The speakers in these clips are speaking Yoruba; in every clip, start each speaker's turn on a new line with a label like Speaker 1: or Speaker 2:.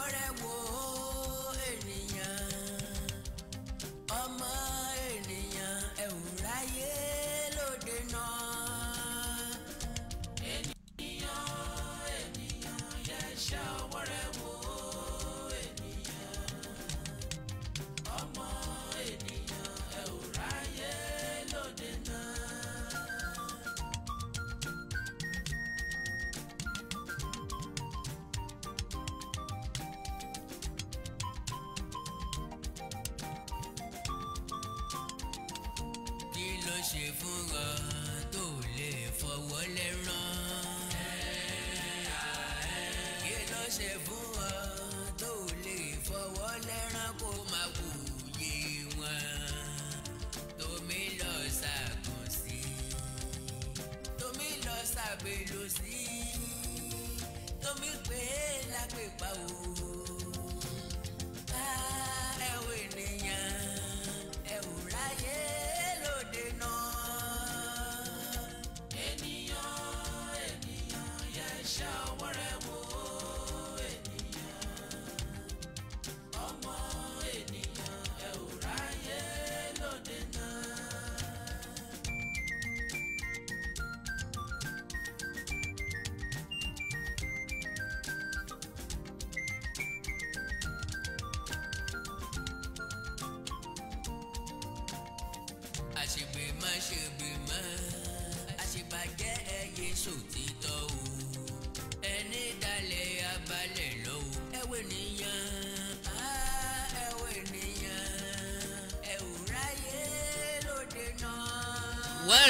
Speaker 1: whatever ṣe fúnra tó lè fọwọ́ lẹ́rán. kí ló ṣe fúnra tó lè fọwọ́ lẹ́rán kó má kú yé wọn. tómi lọ ṣàkàn sí i tómi lọ ṣàbẹ̀lò sí i tómi pé lápèpá o. ẹ ènìyàn ẹ ráyè.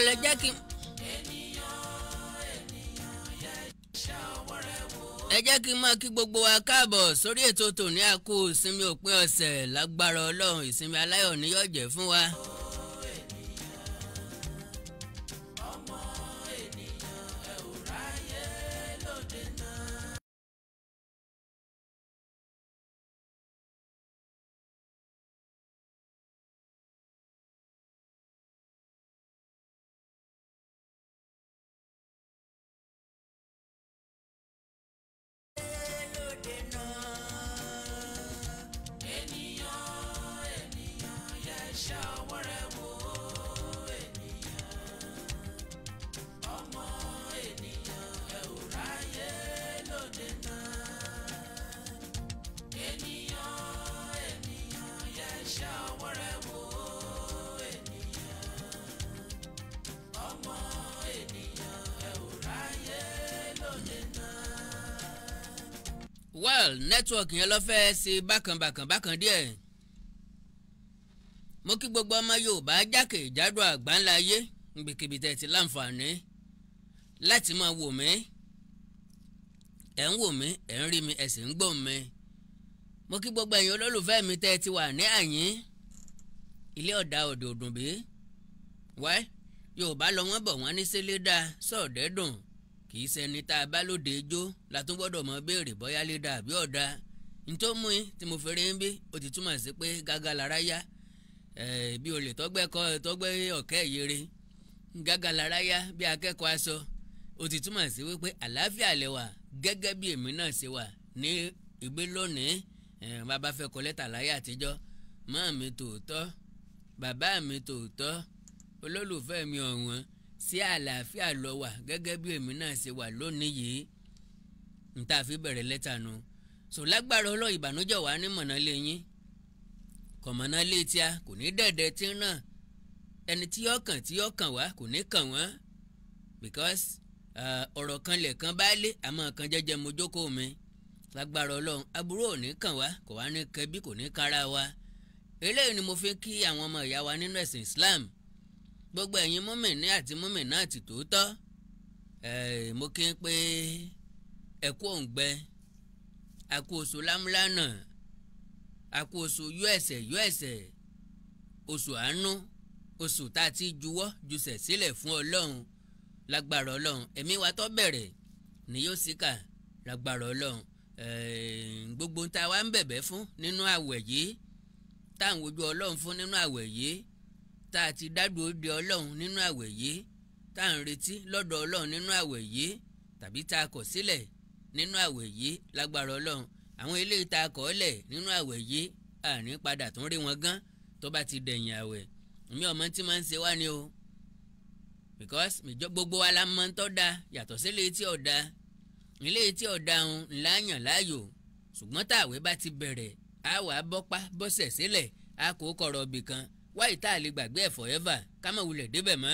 Speaker 2: náà ló jẹ́ kí. ẹ jẹ́ kí n máa kí gbogbo wa káàbọ̀ sórí ètò tòní àkú ìsinmi òpin ọ̀sẹ̀ lágbára ọlọ́run ìsinmi aláyọ̀ níyọ̀jẹ̀ fún wa. Oh. kìyàn lọ fẹ́ ṣe bákànbákàn bákan díẹ̀ mo kí gbogbo ọmọ Yorùbá jákèjádò àgbáńlá ayé níbikíbi tẹ́ ti láǹfààní láti máa wò mí ẹ̀ ń wò mí ẹ̀ ń rí mi ẹ̀ sì ń gbọ́ mi mo kí gbogbo ẹ̀yin olólùfẹ́ mi tẹ́ ti wà ní àyín ilé ọ̀dà òdò òdùnbí wẹ́ Yorùbá lọ wọ́n bọ̀ wọ́n ní sílé dá sọ̀ọ́dẹ́dùn kì í ṣẹni tá a bá lóde ijó la mọ béèrè bóyá lé ọ̀dà ntọ́ mú in tí mo fèrè ń bí o ti túmọ̀ sí pé gágá lára yá bí olè tọ́gbẹ́ kọ́ tọ́gbẹ́ ọ̀kẹ́ ìyere gágá lára yá bí akẹ́kọ̀ọ́ aṣọ o ti túmọ̀ sí wípé àlàáfíà lẹ wà gẹ́gẹ́ bí èmi náà ṣe wà ní ìgbé lónìí bàbá fẹ́ kọ lẹ́tà láyé àtijọ́ mọ́ mi tòótọ́ bàbá mi tòótọ́ olólùfẹ́ mi ọ̀wọ́n sí àlàáfíà lọ wà gẹ́gẹ́ bí èmi náà ṣe wà lónìí yìí n bẹ̀rẹ̀ lẹ́tà nu. No so lágbára ọlọ́ ìbànújẹ́ wà ní mọ̀nà lé yín kọ̀mọ̀nà lé tíá kò ní dẹ̀dẹ̀ tí ń ràn ẹni tí yọ tí yọ wá kò ní kàn wọ́n because ọ̀rọ̀ kan lẹ̀ kan bá lé àmọ́ kan jẹ́jẹ́ mo jókòó mi lágbára ọlọ́run aburú ò ní kàn wá kò wá ní kẹbí kò ní kára wa eléyìí ni mo fi kí àwọn ọmọ ìyá wa nínú ẹ̀sìn Islam gbogbo ẹ̀yin mùmínì àti mùmínà àti tòótọ́ mo kí n pé ẹ̀kú òǹgbẹ àkú oṣù lámúlánà àkú oṣù yọ ẹsẹ̀ yọ ẹsẹ̀ oṣù àánú oṣù tá a ti juwọ́ jùsẹ̀ sílẹ̀ fún ọlọ́run lágbára ọlọ́run ẹ̀mí wa tó bẹ̀rẹ̀ ni yóò síkà lágbára ọlọ́run gbogbo tá a wá ń bẹ̀bẹ̀ fún nínú àwẹ̀ yìí tá à ń wojú ọlọ́run fún nínú àwẹ̀ yìí tá a ti dádùn ó de nínú àwẹ̀ yìí tá à ń retí lọ́dọ̀ ọlọ́run nínú àwẹ̀ yìí tàbí tá a kọ̀ sílẹ̀ nínú àwẹ̀ yìí lágbára ọlọ́run àwọn eléyìí tá a nínú àwẹ̀ yìí àní padà tún rí wọn gán tó bá ti dẹ̀yìn àwẹ̀ mi ọmọ tí máa ń ṣe wá ni o because mìjọ gbogbo wa la mọ tó da yàtọ̀ sí ilé tí ọ̀dà ilé tí ọ̀dà ń láyàn láàyò ṣùgbọ́n táwẹ̀ bá ti bẹ̀rẹ̀ á wà á bọ́pá bọ́sẹ̀ sílẹ̀ á kó kọ̀rọ̀ ibì kan wáyé tá a lè gbàgbé ẹ̀ forever ká má wulẹ̀ débẹ̀ mọ́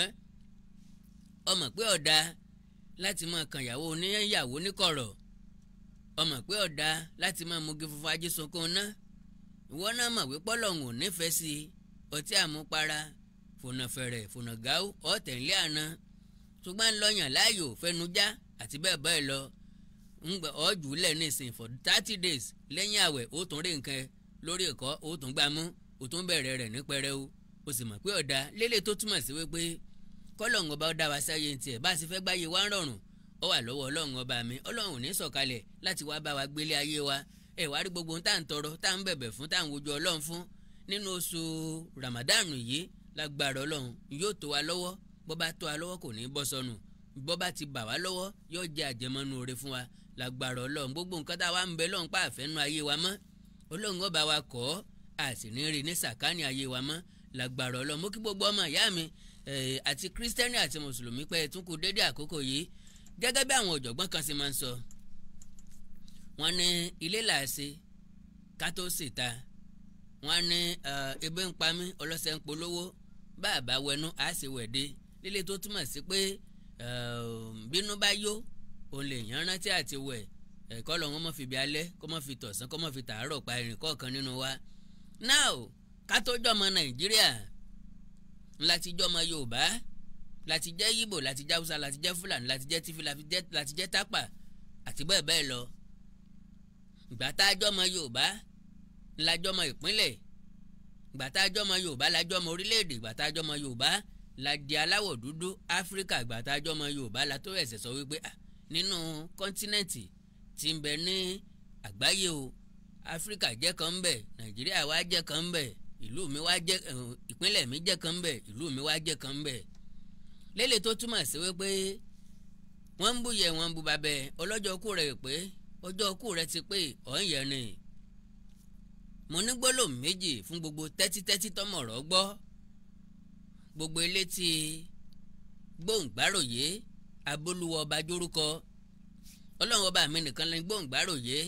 Speaker 2: ọmọ pé ọ̀dà láti máa kàn yàwó oníyàwó níkọ̀rọ̀ ọmọ pé ọ̀dà láti máa mugi funfun ajé sunkún ná ìwọ náà mọ̀ wípé ọlọ́run ò nífẹ̀ẹ́ sí i ọtí àmupara fònàfẹ̀rẹ̀ fònàgáwó ọ̀tẹ̀lẹ́ àná ṣùgbọ́n ńlọyàn láàyò fẹnujá àti bẹ́ẹ̀ bẹ́ẹ̀ lọ ńgbà ọ̀jù lẹ̀ nísìn for thirty days lẹ́yìn àwẹ̀ ó tún rí nǹkan lórí ẹ̀kọ́ ó tún gbámú ó tún bẹ̀rẹ̀ rẹ̀ ní pẹrẹu ó sì mọ̀ pé ọ̀dà lélẹ̀ tó túmọ̀ sí wípé kọ́lọ̀ ń wa sáyé tiẹ̀ bá a ó wà lọ́wọ́ ọlọ́run ọba mi ọlọ́run ò ní sọ̀kalẹ̀ láti wá bá wa gbélé ayé wa ẹ wá rí gbogbo tá à ń tọrọ tá à ń bẹ̀bẹ̀ fún tá à ń wojú ọlọ́run fún nínú oṣù Ramadan yìí lágbára ọlọ́run yóò tó wa lọ́wọ́ bó bá tó wa lọ́wọ́ kò ní bọ́ sọnù bó bá ti bà wá lọ́wọ́ yóò jẹ́ àjẹmọ́nú oore fún wa lágbára ọlọ́run gbogbo nǹkan tá a wá ń bẹ lọ́run pàfẹ́ nu ayé wa mọ́ ọlọ́run ọba wa kọ́ ọ́ ní sàkáání ayé wa mọ́ lágbára ọlọ́run mo kí gbogbo ọmọ ìyá mi àti kírísítẹ́nì àti mùsùlùmí pé tún kú dédé àkókò yìí gẹ́gẹ́ bí àwọn ọ̀jọ̀gbọ́n kan si máa ń sọ wọ́n ní ilé làásè ká tó ṣèta wọ́n ní ebe ń pa mí ọlọ́sẹ̀ ń polówó bàbá wẹnu á sì wẹ̀dé lílé tó túmọ̀ sí pé bínú bá yó òun lè rántí àti wẹ̀ wa jọmọ Nàìjíríà láti jẹ́ yíbò láti jẹ́ haúsá láti jẹ́ fúlàní láti jẹ́ tífì láti jẹ́ tápà àti bẹ́ẹ̀ bẹ́ẹ̀ lọ ìgbà tá a jọmọ yorùbá la jọmọ ìpínlẹ̀ ìgbà tá a jọmọ yorùbá la jọmọ orílẹ̀-èdè ìgbà tá a jọmọ yorùbá la di aláwọ̀ dúdú áfíríkà ìgbà tá a jọmọ yorùbá la ẹ̀sẹ̀ sọ wípé nínú kọ́ńtínẹ̀ǹtì tí ń bẹ ní àgbáyé o áfíríkà jẹ́ kan ń nàìjíríà wa jẹ́ kan ń ìlú mi wa jẹ́ ìpínlẹ̀ mi jẹ́ kan ń ìlú mi wa jẹ́ kan ń lélẹ̀ tó túmọ̀ sí wípé wọ́n ń búyẹ̀ wọ́n ń bu babẹ́ ọlọ́jọ́ ọkú rẹ̀ pé ọjọ́ ọkú rẹ̀ ti pé ọ̀nyẹ̀ ni mo ní gbólóhùn méjì fún gbogbo tẹ́títẹ́tí tọmọ̀rọ̀ gbọ́ gbogbo ilé ti gbóǹgbàròyé ọba ọlọ́run ọba mi nìkan lẹ́yìn gbóǹgbàròyé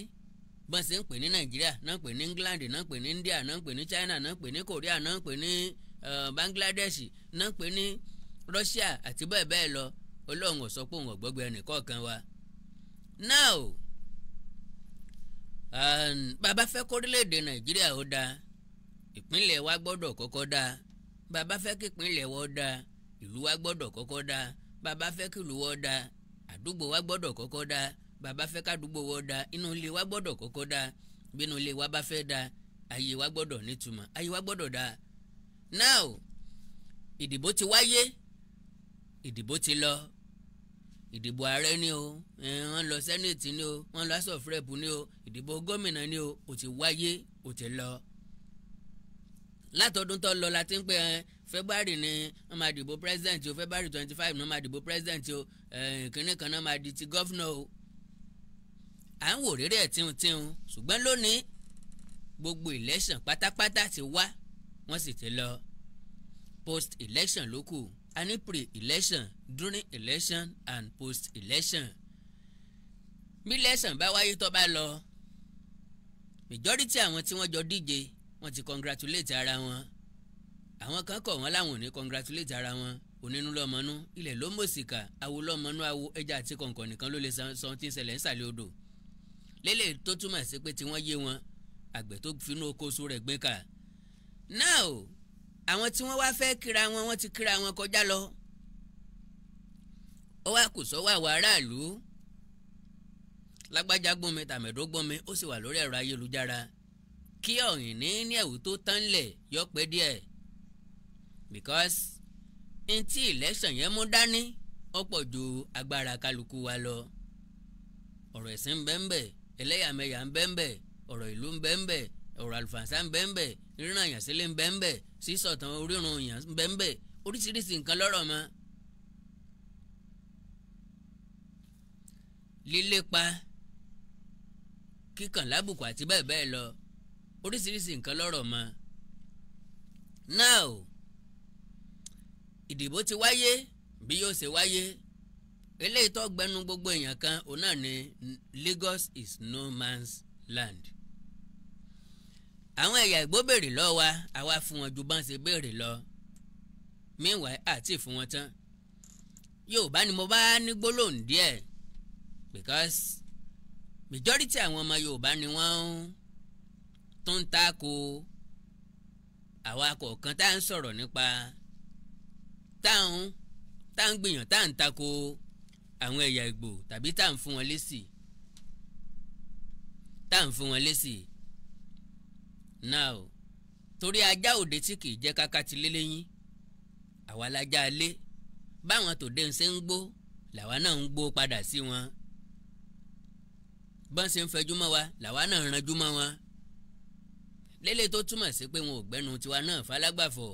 Speaker 2: bọ́n ṣe ń pè ní nàìjíríà náà ń pè ní england náà ń pè ní india náà ń pè ní china náà ń pè ní korea náà ń pè ní eh, bangladesh náà ń pè Russia àti bẹ́ẹ̀ bẹ́ẹ̀ lọ ọlọ́run ò sọ pé òun ọ̀gbọ́gbẹ́ ẹnìkọ̀ọ̀kan wa. now um, bàbá fẹ́ kórílẹ̀-èdè nàìjíríà ó dáa ìpínlẹ̀ wa gbọ́dọ̀ kọ́kọ́ da bàbá fẹ́ kí ìpínlẹ̀ wa dáa ìlú wa gbọ́dọ̀ kọ́kọ́ da bàbá fẹ́ kí ìlú wa da àdúgbò wa gbọ́dọ̀ kọ́kọ́ da bàbá fẹ́ àdúgbò wa da inú ilé wa gbọ́dọ̀ kọ́kọ́ da bínú ilé wa bá fẹ́ dáa ayé wa gbọ́dọ̀ nítumọ̀ ayé wa gbọ́dọ̀ da now ìdìbò ti wáyé ìdìbò ti lọ ìdìbò ààrẹ ni o wọ́n lọ sẹ́nẹ̀tì ni o wọ́n lọ house of rep ni o ìdìbò gómìnà ni o ò ti wáyé ò ti lọ. látọdún tó lọ la ti ń pè ẹ́ february ni wọ́n máa dìbò president o february twenty five ni wọ́n máa dìbò president o kínní kan náà máa di ti gọ́fúnà o. à ń wò rírẹ̀ tíhun tíhun ṣùgbọ́n lónìí gbogbo election pátápátá ti wá wọ́n sì ti lọ post election ló kù any pre-election during election and post-election bí election bá wáyé tó bá lọ majority àwọn tí wọ́n jọ díje wọ́n ti congratulate ara wọn àwọn kan kọ̀ wọ́n láwọn ò ní congratulate ara wọn onínú lọ́mọnú ilẹ̀ ló mọ̀síkà awo lọ́mọnú awo ẹja àti kọ̀ǹkọ̀ nìkan ló lè san tí ń ṣẹlẹ̀ ń sàlẹ̀ odò lélẹ̀ tó túmọ̀ sí pé tí wọ́n yé wọn àgbẹ̀ tó finú oko rẹ̀ gbé kà now àwọn tí wọ́n wá fẹ́ kíra wọn wọ́n ti kíra wọn kọjá lọ ó wá kò sọ́wọ́ àwọn aráàlú lágbájá gbọ́nmi tàmẹ̀dó gbọ́nmi ó sì wà lórí ẹ̀rọ ayélujára kí ọ̀hìn ní ní ẹ̀wù tó tán lẹ̀ yọ pé díẹ̀ because n tí election yẹn mú dání ó pọ̀ ju agbára kálukú wa lọ ọ̀rọ̀ ẹ̀sìn ń bẹ́ńbẹ́ ẹlẹ́yàmẹ̀yà ń bẹ́ńbẹ́ ọ̀rọ̀ ìlú ń bẹ́ńbẹ́ ọ̀rọ̀ àlùfànṣá ń bẹ ń bẹ ríran àyàn sílé ń bẹ ń bẹ sísọ̀tàn orírun èèyàn ń bẹ ń bẹ oríṣiríṣi nǹkan lọ́rọ̀ mọ́. lílépa kíkàn lábùkù àti bẹ́ẹ̀ bẹ́ẹ̀ lọ oríṣiríṣi nǹkan lọ́rọ̀ mọ́. now ìdìbò ti wáyé bí yóò ṣe wáyé eléyìí tó gbẹnu gbogbo èèyàn kan òun náà ni Lagos is no man's land àwọn ẹ̀yà Ìgbò béèrè lọ́wọ́ wa àwa fún wọn ju bá ń ṣe béèrè lọ míwàá àti fún wọn tán Yorùbá ni mo bá ní gbólóhùn díẹ̀ because majority àwọn ọmọ Yorùbá ni wọ́n tó ń ta ko àwa kọ̀ọ̀kan tá à ń sọ̀rọ̀ nípa táwọn tá à ń gbìyàn tá à ń ta ko àwọn ẹ̀yà Ìgbò tàbí tá à ń fún wọn lésì tá à ń fún wọn lésì náà o torí ajá òde tí kì í jẹ́ káká ti lé lẹ́yìn àwa lajá lé báwọn tòde ń ṣe ń gbó làwa náà ń gbó padà sí wọn bọ́n ṣe ń fẹjú mọ́ wa làwa náà ranjú mọ́ wọn lélẹ̀ tó túmọ̀ sí pé wọn ò gbẹ́nu tiwa náà falágbàfọ̀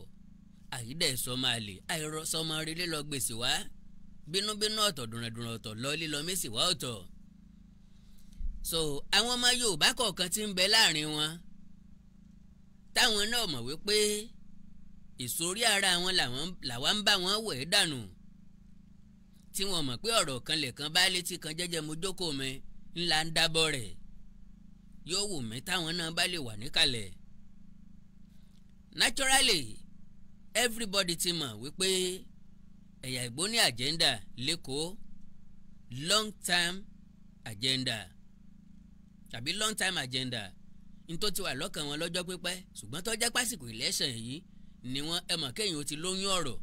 Speaker 2: àyídẹ̀ sọmọ àlè àìrọ sọmọ relé lọ gbèsè wá bínúbínú ọ̀tọ̀ dùnrẹ̀dùnrẹ̀ ọ̀tọ̀ lọ lílọ mẹ́sì wá ọ̀tọ̀ so àwọn ọmọ Yorùbá kọ̀ọ̀kan ti ń bẹ láàrin wọn táwọn náà mọ̀ wípé ìsorí ara wọn làwa ń bá wọn wẹ̀ dànù tí wọn mọ̀ pé ọ̀rọ̀ kan lè kan bá létí kan jẹ́jẹ́ mo jókòó mi ńlá ń dábọ̀ rẹ̀ yóò wù mí táwọn náà bá lè wà níkàlẹ̀ naturally everybody ti mọ̀ wípé ẹ̀yà Ìgbò ní agenda lẹ́kọ̀ọ́ long term agenda tàbí long term agenda ntó ti wà lọ́kàn wọn lọ́jọ́ pípẹ́ ṣùgbọ́n tó jẹ́ pásìkò election yìí ni wọ́n ẹ mọ̀ kéèyàn ti lóyún ọ̀rọ̀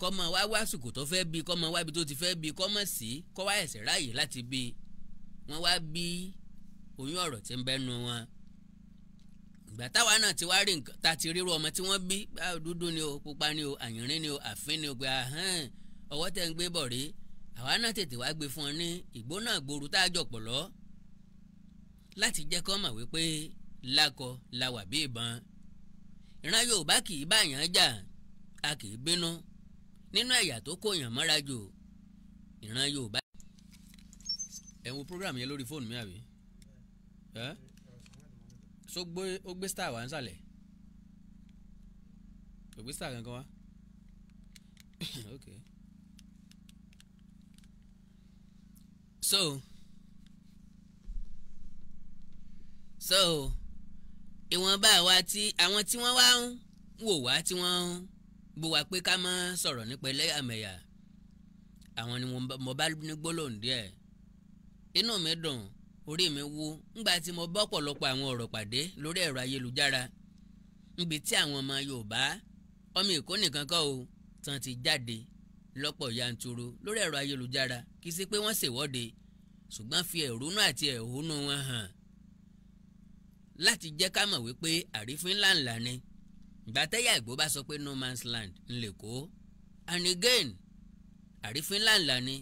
Speaker 2: kọ́mọ wá wá sùkò tó fẹ́ bí kọ́mọ wá bí tó ti fẹ́ bí kọ́mọ sí kọ́ wá ẹ̀sẹ̀ ráàyè láti bí wọ́n wá bí oyún ọ̀rọ̀ tí ń bẹ́nu wọn ìgbà táwa náà ti wá rí nǹkan tá ti ríru ọmọ tí wọ́n bí dúdú ni o pupa ni o àyìnrín ni o àfín ni o gbé ahán ọwọ́ tẹ̀ ń gbé bọ̀ rí àwa náà tètè wá gbé fún ọ ní ìgbóná àgbòrú tá a jọ pọ̀ lọ́ọ́ láti jẹ́ kọ́ mọ̀ wípé lakọ la wà bí ìbọn ìran Yorùbá kì í báyàn jà a kì í bínú nínú ẹ̀yà tó kóyàn mọ́ra jù ìran Yorùbá. ẹ wo program yẹn lórí fóònù mi àbí so gbé ó gbé star wá nísàlẹ̀ ó gbé star kankan wá okay so. so ìwọ̀nba àwa tí àwọn tí wọ́n wá ń wò wá tí wọ́n ń bó wa pé ká má sọ̀rọ̀ nípa ẹlẹ́yàmẹ̀yà àwọn ni mo bá ní gbólóhùn díẹ̀ inú mi dùn orí mi wú ńgbà tí mo bọ́ ọ̀pọ̀lọpọ̀ àwọn ọ̀rọ̀ pàdé lórí ẹ̀rọ ayélujára níbi tí àwọn ọmọ Yorùbá ọmọ Èkó nìkan kọ́ o tán ti jáde lọ́pọ̀ yanturu lórí ẹ̀rọ ayélujára kì í ṣe pé wọ́n ṣèwọ́de ṣùgbọ́n fi ẹ̀rúnú àti ẹ̀hónú wọn hàn láti jẹ́ ká mọ̀ wípé àrífín ńláńlá ni gbàtẹ́yà Ìgbò bá sọ pé no man's land ńlẹ̀ kó and again àrífín ńláńlá ni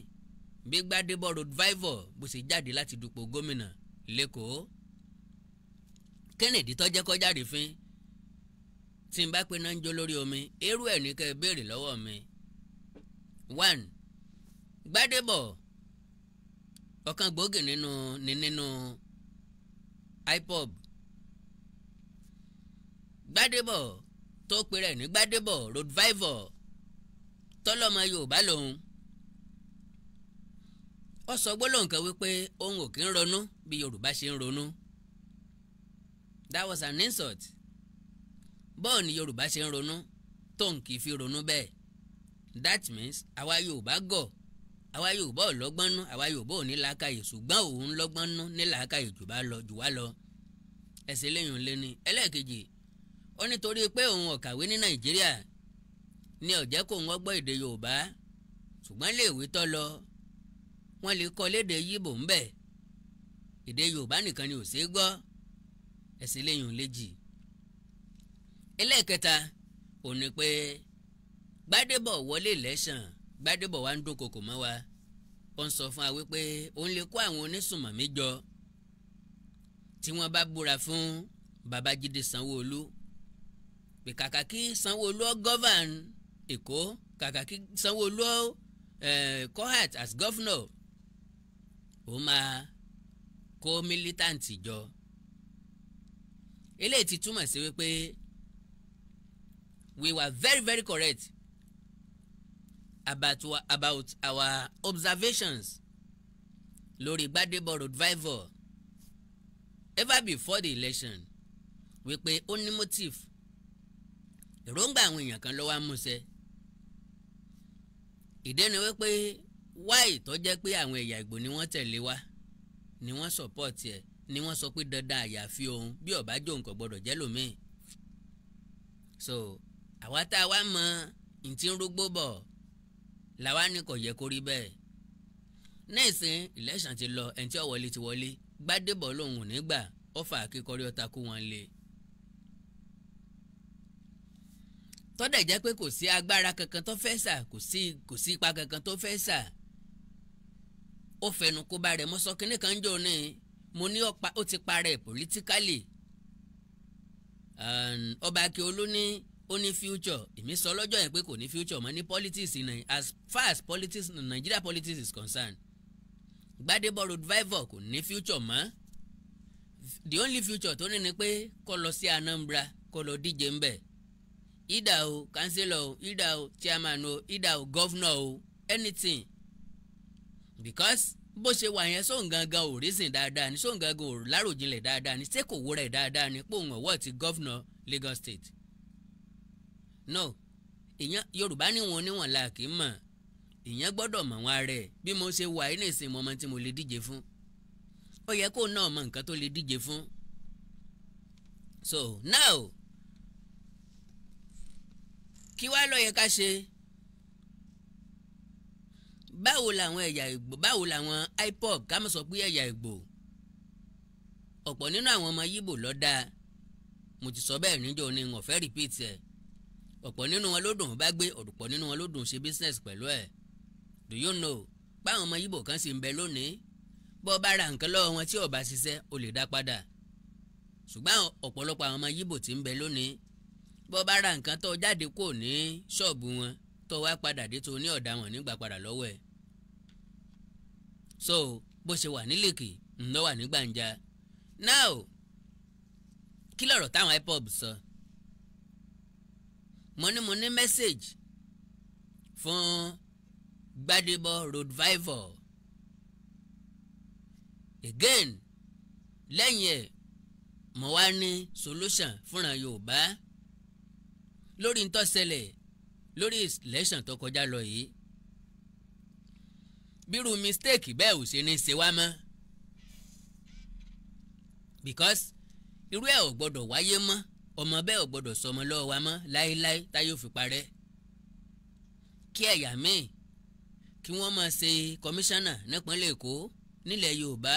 Speaker 2: bí Gbádébọ̀ road vivor bó ṣe jáde láti dupò gómìnà lẹ́kọ̀ọ́ Kennedy tọ́jẹ́ kọjá àrífín tí n bá pe náà ń jó lórí omi irú ẹ̀ ní kẹ́ ẹ béèrè lọ́wọ́ mi one Gbádébọ̀ ọ̀kan gbòógì nínú ni nínú IPOB gbádébọ̀ tó pèrè ní gbádébọ̀ roadvivor tọ́lọ́mọ yorùbá lòun ó sọ gbólóhùn wípé òun ò kí ń ronú bí yorùbá ṣe ń ronú that was an insult bọ́ọ̀ ni yorùbá ṣe ń ronú tóun kì í fi ronú bẹ́ẹ̀ that means àwa yorùbá gọ̀ àwa yorùbá ò lọ́gbọ́n nú àwa yorùbá ò ní làákàyè ṣùgbọ́n òun lọ́gbọ́n nú ní làákàyè jù wá lọ ẹ̀sìn lẹ́yìn lẹ́ni ẹlẹ́ẹ̀kejì ó nítorí pé òun ò ní nàìjíríà ni ó jẹ́ kó wọ́n gbọ́ èdè yorùbá ṣùgbọ́n léèwé tó lọ wọ́n lè kọ́ léde yíbò ńbẹ̀ èdè yorùbá nìkan ni ò ṣeé gbọ́ ẹ̀sìn lẹ́yìn lẹ́jì ẹlẹ́ẹ̀kẹta ò ní pé gbadebo wọlé lẹ́sàn gbadebo wa ń dúnkokò mọ́ wa ó ń sọ fún wa wípé òun lè kó àwọn onísùnmọ̀mí jọ tí wọ́n bá búra fún babájídé sanwó pé kàkà kí sanwó govern Èkó kàkà kí Sanwó-Olú eh, as governor ó máa kó militant jọ eléyìí ti túmọ̀ sí wípé we were very very correct about, about our observations lórí Gbadebo road revival ever before the election wípé ó ní motive èròǹgbà àwọn èèyàn kan ló wá múṣẹ ìdẹ́nu wípé wáì tó jẹ́ pé àwọn ẹ̀yà Ìgbò ni wọ́n tẹ̀lé wa ni wọ́n sọ̀pọ̀tì ẹ̀ ni wọ́n sọ pé dandan àyàfi òun bí ọ̀bá jò nǹkan gbọ́dọ̀ jẹ́ lómìn so àwa tá a wá mọ ntí ń rúgbó bọ̀ làwa ni kò yẹ kó rí bẹ́ẹ̀ náà ìsìn ti lọ ẹni tí ó wọlé ti wọlé Gbádébọ̀ lòun ò ní gbà ó fà á wọn lé e. tọ́dẹ̀ jẹ́ pé kò sí agbára kankan tó fẹ́ sà kò sí kò sí ipa kankan tó fẹ́ sà ó fẹnu kó ba rẹ̀ mọ́ sọ kínní kan jò ní mo ní ó ti parẹ́ politically ọba Akiolu ní ó ní future èmi sọ lọ́jọ́ yẹn pé kò ní future mọ́ ní politics in as far as politics Nigeria politics is concerned Gbadebo road vivour kò ní future mọ́ the only future tó ní ni pé kó lọ sí Anambra kó lọ díje ńbẹ̀ either o kansila o either o chairman o either o governor o anything because bó ṣe wà yẹn sóun gangan ò reason dáadáa ni sóun gangan ò láròjinlẹ̀ dáadáa ni ṣé kò dáadáa ni pòun ọ̀wọ́ ti governor Lagos State no ìyẹn Yorùbá níwọ̀n níwọ̀n la kì í mọ̀ ìyẹn gbọ́dọ̀ mọ̀ wọn rẹ̀ bí mo ṣe wà ní ìsìn mọ́mọ́ tí mo lè díje fún ó yẹ kó náà mọ nǹkan tó lè díje fún so now kí wá ló yẹ ká ṣe báwo làwọn ẹ̀yà Ìgbò báwo làwọn IPOB ká mọ̀ sọ pé ẹ̀yà Ìgbò ọ̀pọ̀ nínú àwọn ọmọ Yíbò ló dáa mo ti sọ bẹ́ẹ̀ níjọ́ ni wọ́n fẹ́ repeat ẹ̀ ọ̀pọ̀ nínú wọn ló dùn bá gbé ọ̀pọ̀ nínú wọn ló dùn ṣe business pẹ̀lú ẹ̀ do you know báwọn ọmọ Yíbò kan sì ń bẹ lónìí bọ́ bá ra nǹkan lọ́wọ́ wọn tí ó bá ṣiṣẹ́ o lè dá padà ṣùgbọ́n ọ̀pọ̀lọpọ̀ àwọn ọmọ Yíbò ti ń bẹ lónìí bọ́ bá ra nǹkan tó jáde kò ní ṣọ́ọ̀bù wọn tó wá padà dé tó ní ọ̀dà nígbà padà lọ́wọ́ ẹ̀ so bó ṣe wà nílèkè ńlọ wà ní gbàǹjà now kí lọ̀rọ̀ táwọn ipob sọ mo ní mo ní message fún Gbadebo road vivor again lẹ́yìn ẹ̀ mo wá ní solution fúnra Yorùbá lórí ń tó ṣẹlẹ̀ lórí election tó kọjá lọ yìí bírú mistake bẹ́ẹ̀ ò ṣe ní ṣe wá mọ́ because irú ẹ̀ ò gbọ́dọ̀ wáyé mọ́ ọmọ bẹ́ẹ̀ ò gbọ́dọ̀ sọmọ lọ́wọ́ wa mọ́ láéláé táyé ò fi parẹ́ kí ẹ̀yà míì kí wọ́n máa ṣe kọmíṣánná nípínlẹ̀ Èkó nílẹ̀ Yorùbá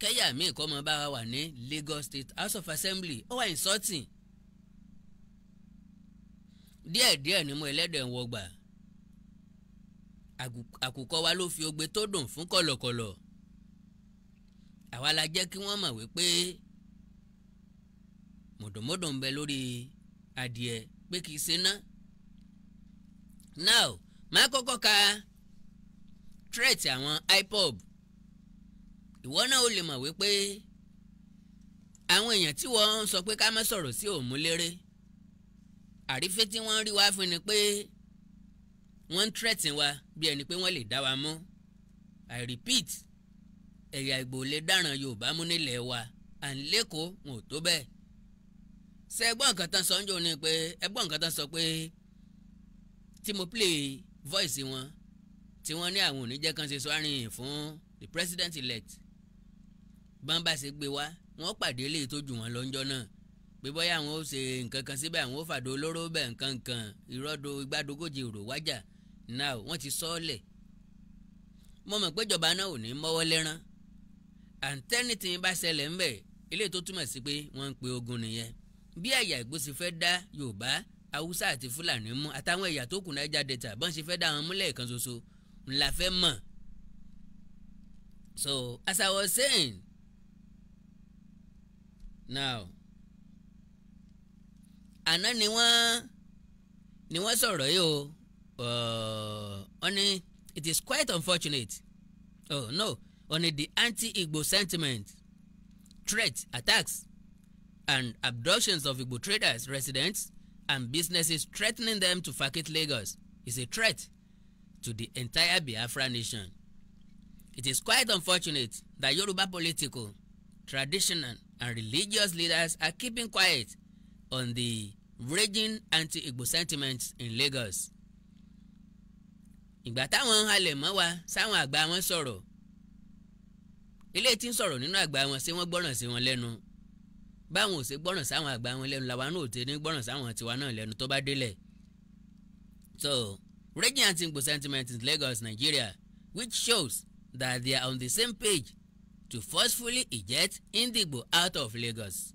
Speaker 2: kẹ́yà míì kọ́ mọ́ bá wà ní Lagos State House of Assembly ó wà insulting díẹ̀díẹ̀ ni mo ẹlẹ́dẹ̀ ń wọgbà àkùkọ wa ló fi ogbe tó dùn fún kọ̀lọ̀kọ̀lọ̀ àwa la jẹ́ kí wọ́n mọ̀ wípé mọ̀dọ̀mọ́dọ̀ ń bẹ lórí adìẹ pé kì í ṣe ná. now máa kọ́kọ́ ka threat àwọn IPOB ìwọ náà ó lè mọ̀ wípé àwọn èèyàn tí wọ́n sọ pé ká má sọ̀rọ̀ sí òun mú léré àrífé tí wọ́n ń rí wá fún ni pé wọ́n ń tírẹ̀tì wa bí ẹni pé wọ́n lè dá wa mọ́ i repeat ẹ̀yà Ìgbò lè dáràn Yorùbá mú nílẹ̀ wa à ń lẹ́kọ̀ọ́ wọn ò tó bẹ́ẹ̀ ṣe ẹgbọ́n nǹkan tán sọ ń jò ní pé ẹgbọ́n nǹkan tán sọ pé tí mo play voice wọn tí wọ́n ní àwọn oníjẹ́ kan ṣe sọ àárín fún the president elect bọ́n bá ṣe gbé wa wọ́n pàdé lè tó jù wọ́n lọ́njọ́ náà pé bóyá àwọn ó ṣe nǹkan kan síbẹ̀ àwọn ó fàdó olóró bẹ̀ nǹkan nǹkan ìrọ́dọ̀ igbádogójì rò wájà náà wọ́n ti sọ́ọ̀lẹ̀ mo mọ̀ pé ìjọba náà ò ní mọ́wọ́ lẹ́rán àǹtẹ́nì tí bá ṣẹlẹ̀ ńbẹ̀ eléyìí tó túmọ̀ sí pé wọ́n ń pe ogun nìyẹn bí ẹ̀yà Ìgbò sì fẹ́ dá Yorùbá Haúsá àti Fúlàní mú àtàwọn ẹ̀yà tó kù Niger Delta bọ́n ṣe fẹ́ dá wọn múlẹ̀ kan ṣoṣo ńlá fẹ́ mọ̀ so as I was saying now àná ni wọ́n ni wọ́n sọ̀rọ̀ yìí o wọ́n it is quite unfortunate oh no wọ́n the anti-Igbo sentiment threats attacks and abductions of Igbo traders residents and businesses threatening them to vacate Lagos is a threat to the entire Biafra nation. It is quite unfortunate that Yoruba political, traditional, and religious leaders are keeping quiet on the raging anti-Igbo sentiments in Lagos. ìgbà táwọn halẹ̀ mọ́ wa sáwọn àgbà wọn sọ̀rọ̀ ilé tí ń sọ̀rọ̀ nínú àgbà wọn ṣé wọ́n gbọ́ràn sí wọn lẹ́nu báwọn ò ṣe gbọ́ràn sáwọn àgbà wọn lẹ́nu làwọn náà ò tẹ́ ní gbọ́ràn sáwọn tiwa náà lẹ́nu tó bá délẹ̀. So, raging anti-Igbo sentiments in Lagos, Nigeria, which shows that they are on the same page to forcefully eject Indigbo out of Lagos.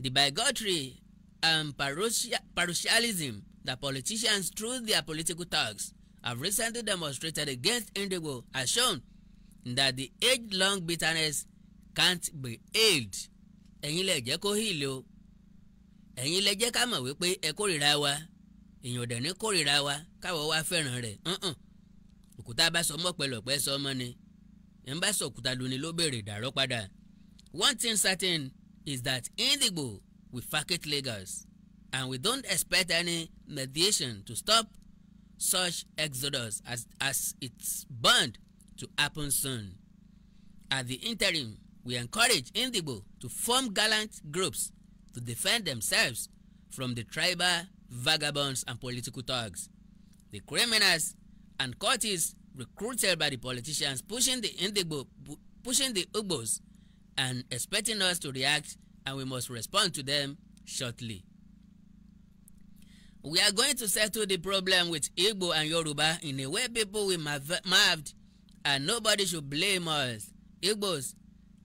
Speaker 2: The bigotry and parochialism that politicians through their political talks have recently demonstrated against Indigo has shown that the age-long bitterness can't be healed. ẹ̀yin lẹ jẹ́ kó heal o ẹ̀yin lẹ jẹ́ ká mọ̀ wípé ẹ kórìíra wa èèyàn dẹ̀ ní kórìíra wa káwọ́ wa fẹ́ràn rẹ̀ hàn òkúta bá sọ mọ́ pẹlọpẹ́ sọ ọmọ ni ẹ̀ ń bá sọ òkúta lóni ló béèrè dàrọ́ padà one thing certain is that Indigo will vacate Lagos and we don't expect any mediation to stop such exodus as, as it's bound to happen soon. At the interim, we encourage Indigo to form gallant groups to defend themselves from the tribal vagabonds and political thugs. The criminals and courtiers recruited by the politicians pushing the Indigo pushing the Ugbos and expecting us to react and we must respond to them shortly. We are going to settle the problem with Igbo and Yoruba in a way people will maved and nobody should blame us. Igbos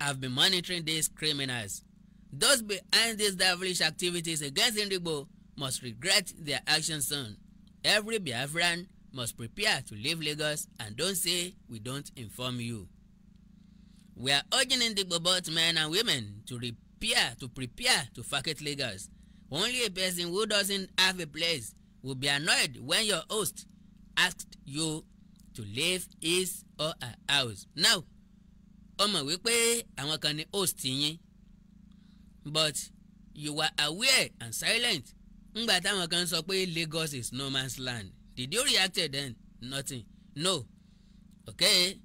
Speaker 2: have been monitoring these criminals. Those behind these devilish activities against Igbo must regret their actions soon. Every Biafran must prepare to leave Lagos and don't say we don't inform you. We are urging Indigbobot men and women to prepare to prepare to vacate Lagos. Only a person who doesn't have a place will be annoyed when your host asked you to leave his or her house. Now, ó mọ̀ wípé àwọn kan ni host yín but you were aware and silent ngbà táwọn kan sọ pé Lagos is no man's land. Did you react then? Nothing. No. Okay.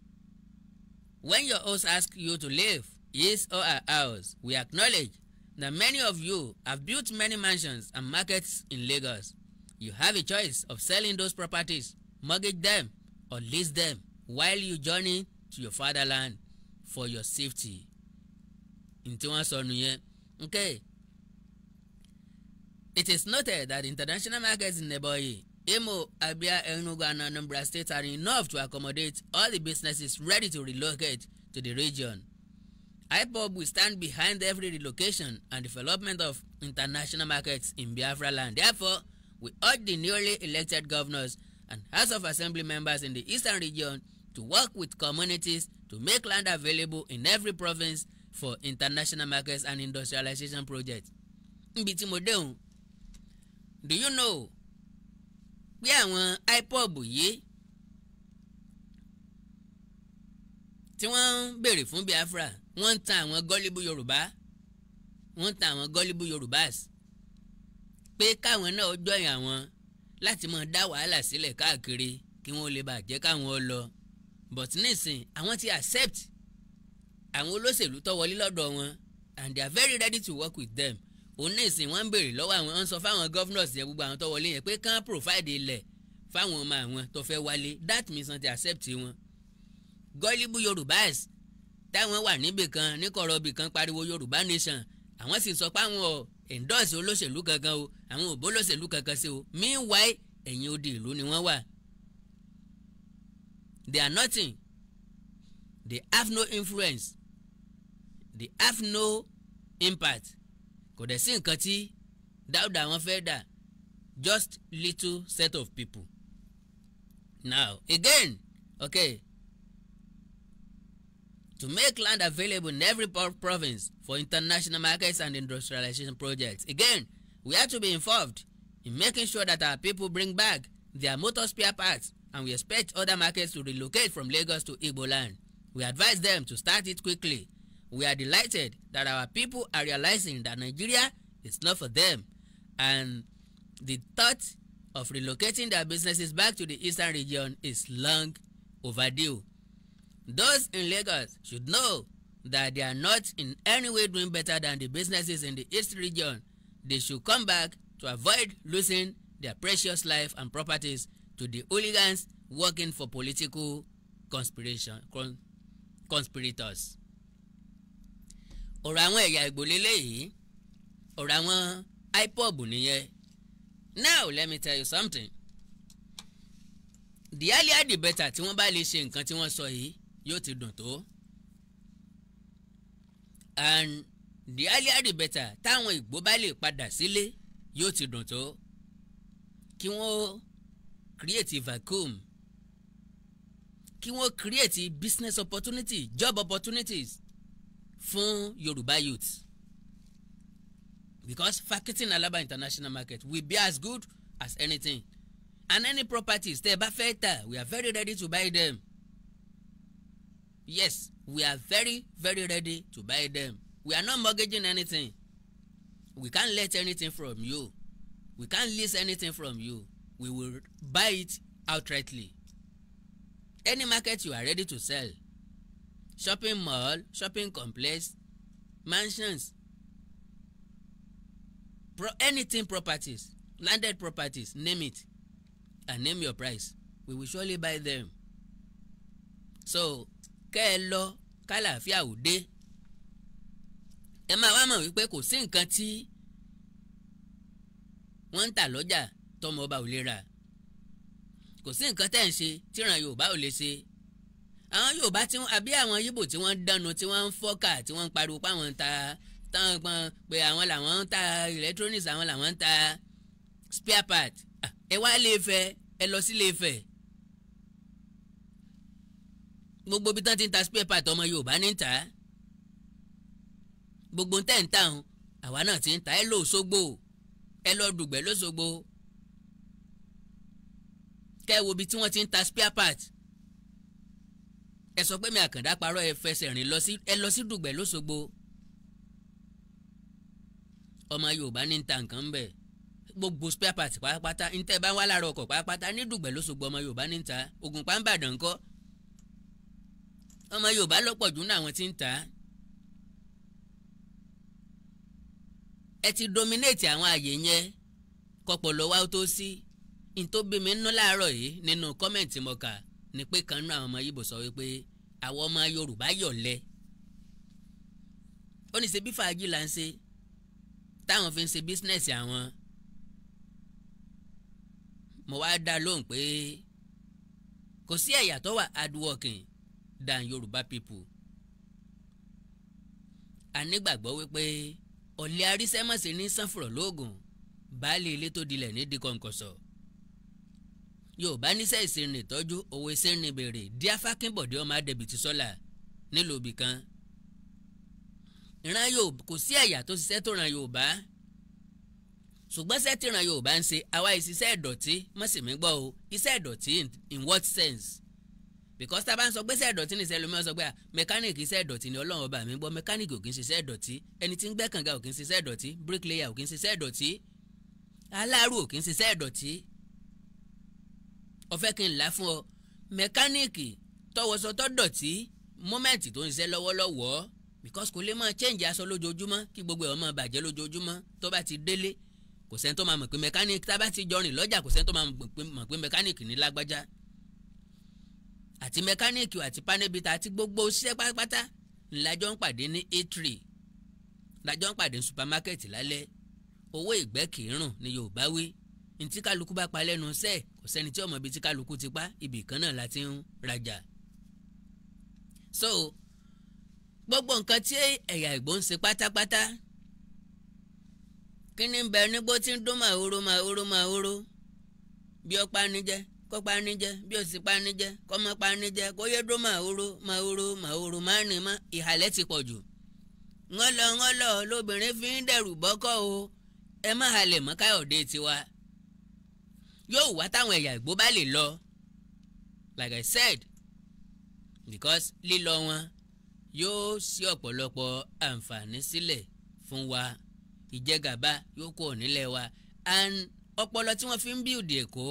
Speaker 2: When your host ask you to leave his or her house, we acknowledge that many of you have built many mansions and markets in Lagos. You have a choice of selling those properties, mortgage them, or lease them while you journey to your fatherland for your safety. ntí wọ́n sọ okay. It is noted that international markets in Neboye Imo, Abia, Enugu, and Anambra states are enough to accommodate all the businesses ready to relocate to the region. IPOB will stand behind every relocation and development of international markets in Biafra land. Therefore, we urge the newly elected governors and House of Assembly members in the eastern region to work with communities to make land available in every province for international markets and industrialization projects. Nbi tí Do you know pé àwọn IPOB yìí tí wọ́n ń béèrè fún Biafra wọ́n ń ta àwọn gọ́líbù Yorùbá wọ́n ń ta àwọn gọ́líbù Yorùbás pé káwọn náà jọyìn àwọn láti máa dá wàhálà sílẹ̀ káàkiri kí wọ́n lè bàjẹ́ káwọn lọ but nísìn àwọn ti accept àwọn olóṣèlú tó wọlé lọ́dọ̀ wọn and they are very ready to work with them òun náà sì wọ́n ń béèrè lọ́wọ́ àwọn ń sọ fáwọn governors yẹn gbogbo àwọn tó wọlé yẹn pé kán provide ilẹ̀ fáwọn ọmọ àwọn tó fẹ́ wálé that means wọ́n ti accept wọn. gọ́líbù yorùbás táwọn wà níbì kan níkọ̀rọ̀bì kan pariwo yorùbá nation àwọn sì sọ pé àwọn ò endorse olóṣèlú kankan o àwọn ò bólóṣèlú kankan sí o meanwhile ẹ̀yìn odi ìlú ni wọ́n wà. they are nothing they have no influence they have no impact kò dẹ̀ sí nǹkan tí dáúdà wọn fẹ́ dà just little set of people now again okay to make land available in every province for international markets and industrialization projects again we have to be involved in making sure that our people bring back their motor spare parts and we expect other markets to relocate from Lagos to Igbo land we advise them to start it quickly We are delighted that our people are realizing that Nigeria is not for them and the thought of relocating their businesses back to the eastern region is long overdue. Those in Lagos should know that they are not in any way doing better than the businesses in the east region. They should come back to avoid losing their precious life and properties to the hooligans working for political conspiration con conspirators ọ̀rọ̀ àwọn ẹ̀yà Ìgbò lélẹ́yìí ọ̀rọ̀ àwọn IPOB nìyẹn now let me tell you something the earlier the better tí wọ́n bá lè ṣe nǹkan tí wọ́n sọ yìí yóò ti dùn tó and the earlier the better táwọn Ìgbò bá lè padà sílé yóò ti dùn tó kí wọ́n create vacuum kí wọ́n create business opportunities job opportunities fún yorùbá youth because fakitin alaba international market will be as good as anything and any properties tẹ́ ẹ bá fẹ́ tà we are very ready to buy them yes we are very very ready to buy them we are not mortgaging anything we can't let anything from you we can't lease anything from you we will buy it outrightly any market you are ready to sell shopping mall shopping complex mansions pro anything properties landed properties name it and name your price we will surely buy them so kẹ́ ẹ lọ kálàáfíà ò dé ẹ máa wá mọ̀ wípé kò sí nǹkan tí wọ́n ń tà lọ́jà tọmọ ọba ò lè rà kò sí nǹkan tẹ́ ń ṣe tíran Yorùbá ò lè ṣe àwọn Yorùbá tí wọ́n àbí àwọn Yíbò tí wọ́n dánu tí wọ́n ń fọ́kà tí wọ́n ń pariwo pé àwọn ń ta táwọn pọn pé àwọn làwọn ń ta electronics àwọn làwọn ń ta spare part ẹ wá lè fẹ́ ẹ lọ sí lè fẹ́ gbogbo bí tán ti ń ta spare part ọmọ Yorùbá ní ń ta gbogbo ń tẹ̀ ń tà ń àwa náà ti ń ta ẹ lọ Òṣogbo ẹ lọ Dùgbẹ̀ lọ́sọ̀gbọ̀ kẹ́ ẹ wo ibi tí wọ́n ti ń ta spare part ẹ sọ pé mi àkàndá parọ́ ẹ fẹsẹ̀ rìn lọ sí ẹ lọ sí dùgbẹ̀ lọ́sọ̀gbọ̀ ọmọ yorùbá ní ta nǹkan bẹ̀ gbogbo spare part pátápátá ntẹ́ bá wà lára ọkọ̀ pátápátá ní dùgbẹ̀ lọ́sọ̀gbọ̀ ọmọ yorùbá ní ta ògùn pàǹbàdàn kọ́ ọmọ yorùbá lọ́pọ̀ jù ní àwọn tí ń ta ẹ ti dominate àwọn àyè yẹn kọpọlọ wa ó tó sí ntòbí mi ń ná láàárọ̀ yìí nínú kọ́mẹ̀ntì mọ̀ká ni pé kan nínú àwọn ọmọ Yíbò sọ wípé àwọn ọmọ Yorùbá yọ̀lẹ ó ní ṣe bí fàájì là ń ṣe táwọn fi ń ṣe bísínẹ́sì àwọn mo wá dá lóhùn pé kò sí ẹ̀yà tó wà hardworking than Yorùbá people a nígbàgbọ́ wípé ọ̀lẹ́ arísẹ́mọ̀sẹ̀ ní sanfùrọ̀ lóògùn baálé ilé tó dilẹ̀ ní dikọ̀ǹkọ̀sọ̀. So yorùbá níṣẹ́ ìṣèrìn ìtọ́jú òwe ìṣèrìn bèrè díá fákínbọ̀dé ọmọ adébìtì sọ́là nílùú ibìkan ìran yorùbá kò sí ẹ̀yà tó ṣiṣẹ́ tó ran yorùbá ṣùgbọ́n ṣẹ́ tí ran yorùbá ń ṣe àwa ìṣiṣẹ́ ìdọ̀tí mọ̀sìmí gbọ́ o iṣẹ́ ìdọ̀tí in what sense because tá a bá ń sọ pé iṣẹ́ ìdọ̀tí ni iṣẹ́ lómi ọ̀sọ́ pé à ah, mẹkáníìkì iṣẹ́ ìdọ̀tí ni ọlọ́run ọba mi gbọ́ mẹkáníìkì ò kí ń ṣiṣẹ́ ìdọ̀tí ẹni tí ń gbẹ́ ò kí ń ṣiṣẹ́ ìdọ̀tí bricklayer ò kí ń ṣiṣẹ́ ìdọ̀tí aláàrù ò kí ń ṣiṣẹ́ ìdọ̀tí ọ̀fẹ́ kí n là fún ọ mẹkáníìkì tọwọ́sọ tó dọ̀tí mọ́mẹ́ǹtì tó ń ṣe lọ́wọ́lọ́wọ́ because kò lè máa change aṣọ lójoojúmọ́ kí gbogbo ẹ̀ máa bàjẹ́ lójoojúmọ́ tó bá ti délé kò sẹ́ni tó máa mọ̀ pé mẹkáníìkì tá a bá ti jọ rìn lọ́jà kò sẹ́ni tó máa mọ̀ pé mẹkáníìkì ní lágbájá àti mẹkáníìkì àti pánébìtà àti gbogbo iṣẹ́ pátápátá ńlájọ́ ń pàdé ní etri lájọ́ ń pàdé ní supamákẹ́ẹ̀tì lálẹ́ owó ìgbẹ́ ni Yorùbá wí ntí kálukú bá pa lẹ́nu sẹ́ẹ̀ kò sẹ́ni tí ọmọ ibi tí kálukú ti pa ibì kan náà láti ń rajà. so gbogbo nǹkan tí ẹ̀yà Ìgbò ń ṣe pátápátá kí ni bẹ nígbó tí ń dún màhóró màhóró màhóró bí ó pa ni jẹ kó pa ni jẹ bí ó sì pa ni jẹ kó má pa ni jẹ kó yé dún màhóró màhóró màhóró má rìn mọ́ ìhàlẹ̀ ti pọ̀ jù. ńlọ ńlọ lobìnrin fi ń dẹrù bọ́kọ́ o ẹ má halẹ̀ mọ́ Káyọ̀dé tiwa yóò wá táwọn ẹ̀yà Ìgbò bá lè lọ like I said because lílọ wọn yóò ṣí ọ̀pọ̀lọpọ̀ àǹfààní sílẹ̀ fún wa ìjẹgàba yóò kúrò nílẹ̀ wa and ọpọlọ tí wọ́n fi ń build Èkó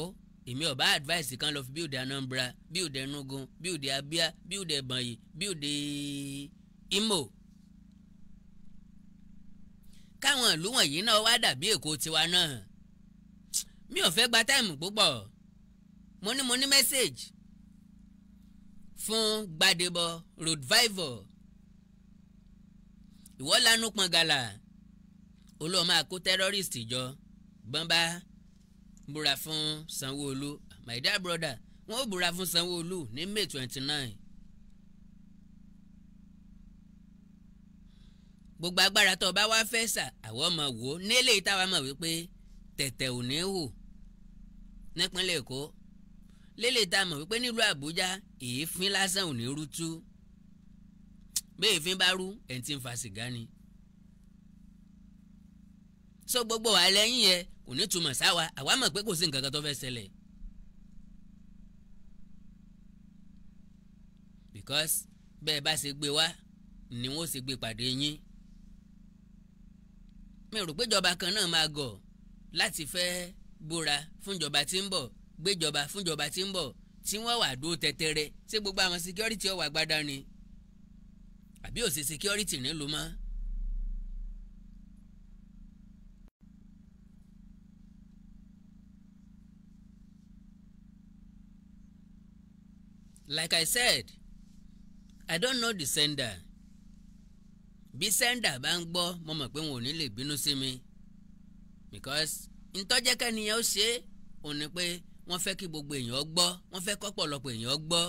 Speaker 2: èmi ọba advice kan lọ fi build Anambra build Enugu build Abia build Ebonyi build Imo káwọn ìlú wọ̀nyí náà wá dàbí Èkó tiwa náà mi ò fẹ́ gba táìmù púpọ̀ mo ní mo ní mẹ́sáàgì fún Gbadebo Roadvival ìwọ lanu pọngàlà olóò máa kó terrorist jọ bọ́nbá búra fún sanwó my dear brother wọ́n ó búra fún sanwó ní May twenty nine gbogbo agbára tó o bá wá fẹ́ sà àwọn ọmọ wò ó nílé ìtawà mọ̀ wípé tẹ̀tẹ̀ ò ní hù nípínlẹ̀ èkó lélẹ̀ tá a mọ̀ wípé nílùú àbújá èéfín lásán ò ní rú tú bí èéfín bá rú ẹ̀ ti ń fa sìgá ni so gbogbo wa lẹ́yìn yẹn kò ní túmọ̀ sáwa àwa mọ̀ pé kò sí nǹkan kan tó fẹ́ ṣẹlẹ̀ because bẹ́ẹ̀ bá ṣe gbé wá ni wọ́n ṣe gbé pàdé yín mi rò péjọba kan náà máa gọ̀ láti fẹ́ẹ́ búra fúnjọba tí ń bọ̀ gbéjọba fúnjọba tí ń bọ̀ tí wọ́n wà dúró tẹ́tẹ́rẹ́ ṣé gbogbo àwọn security ọ̀wà gbádá ni àbí òsè security nílùú mọ́. Like I said, I don't know the sender. Bí sender bá ń gbọ́ mo mọ̀ pé wọn ò ní lè bínú sí mi because ntọ́jẹ́kẹ́ nìyẹn ó ṣe é òun ni pé wọ́n fẹ́ kí gbogbo èèyàn gbọ́ wọ́n fẹ́ kọ́pọ̀lọpọ̀ èèyàn gbọ́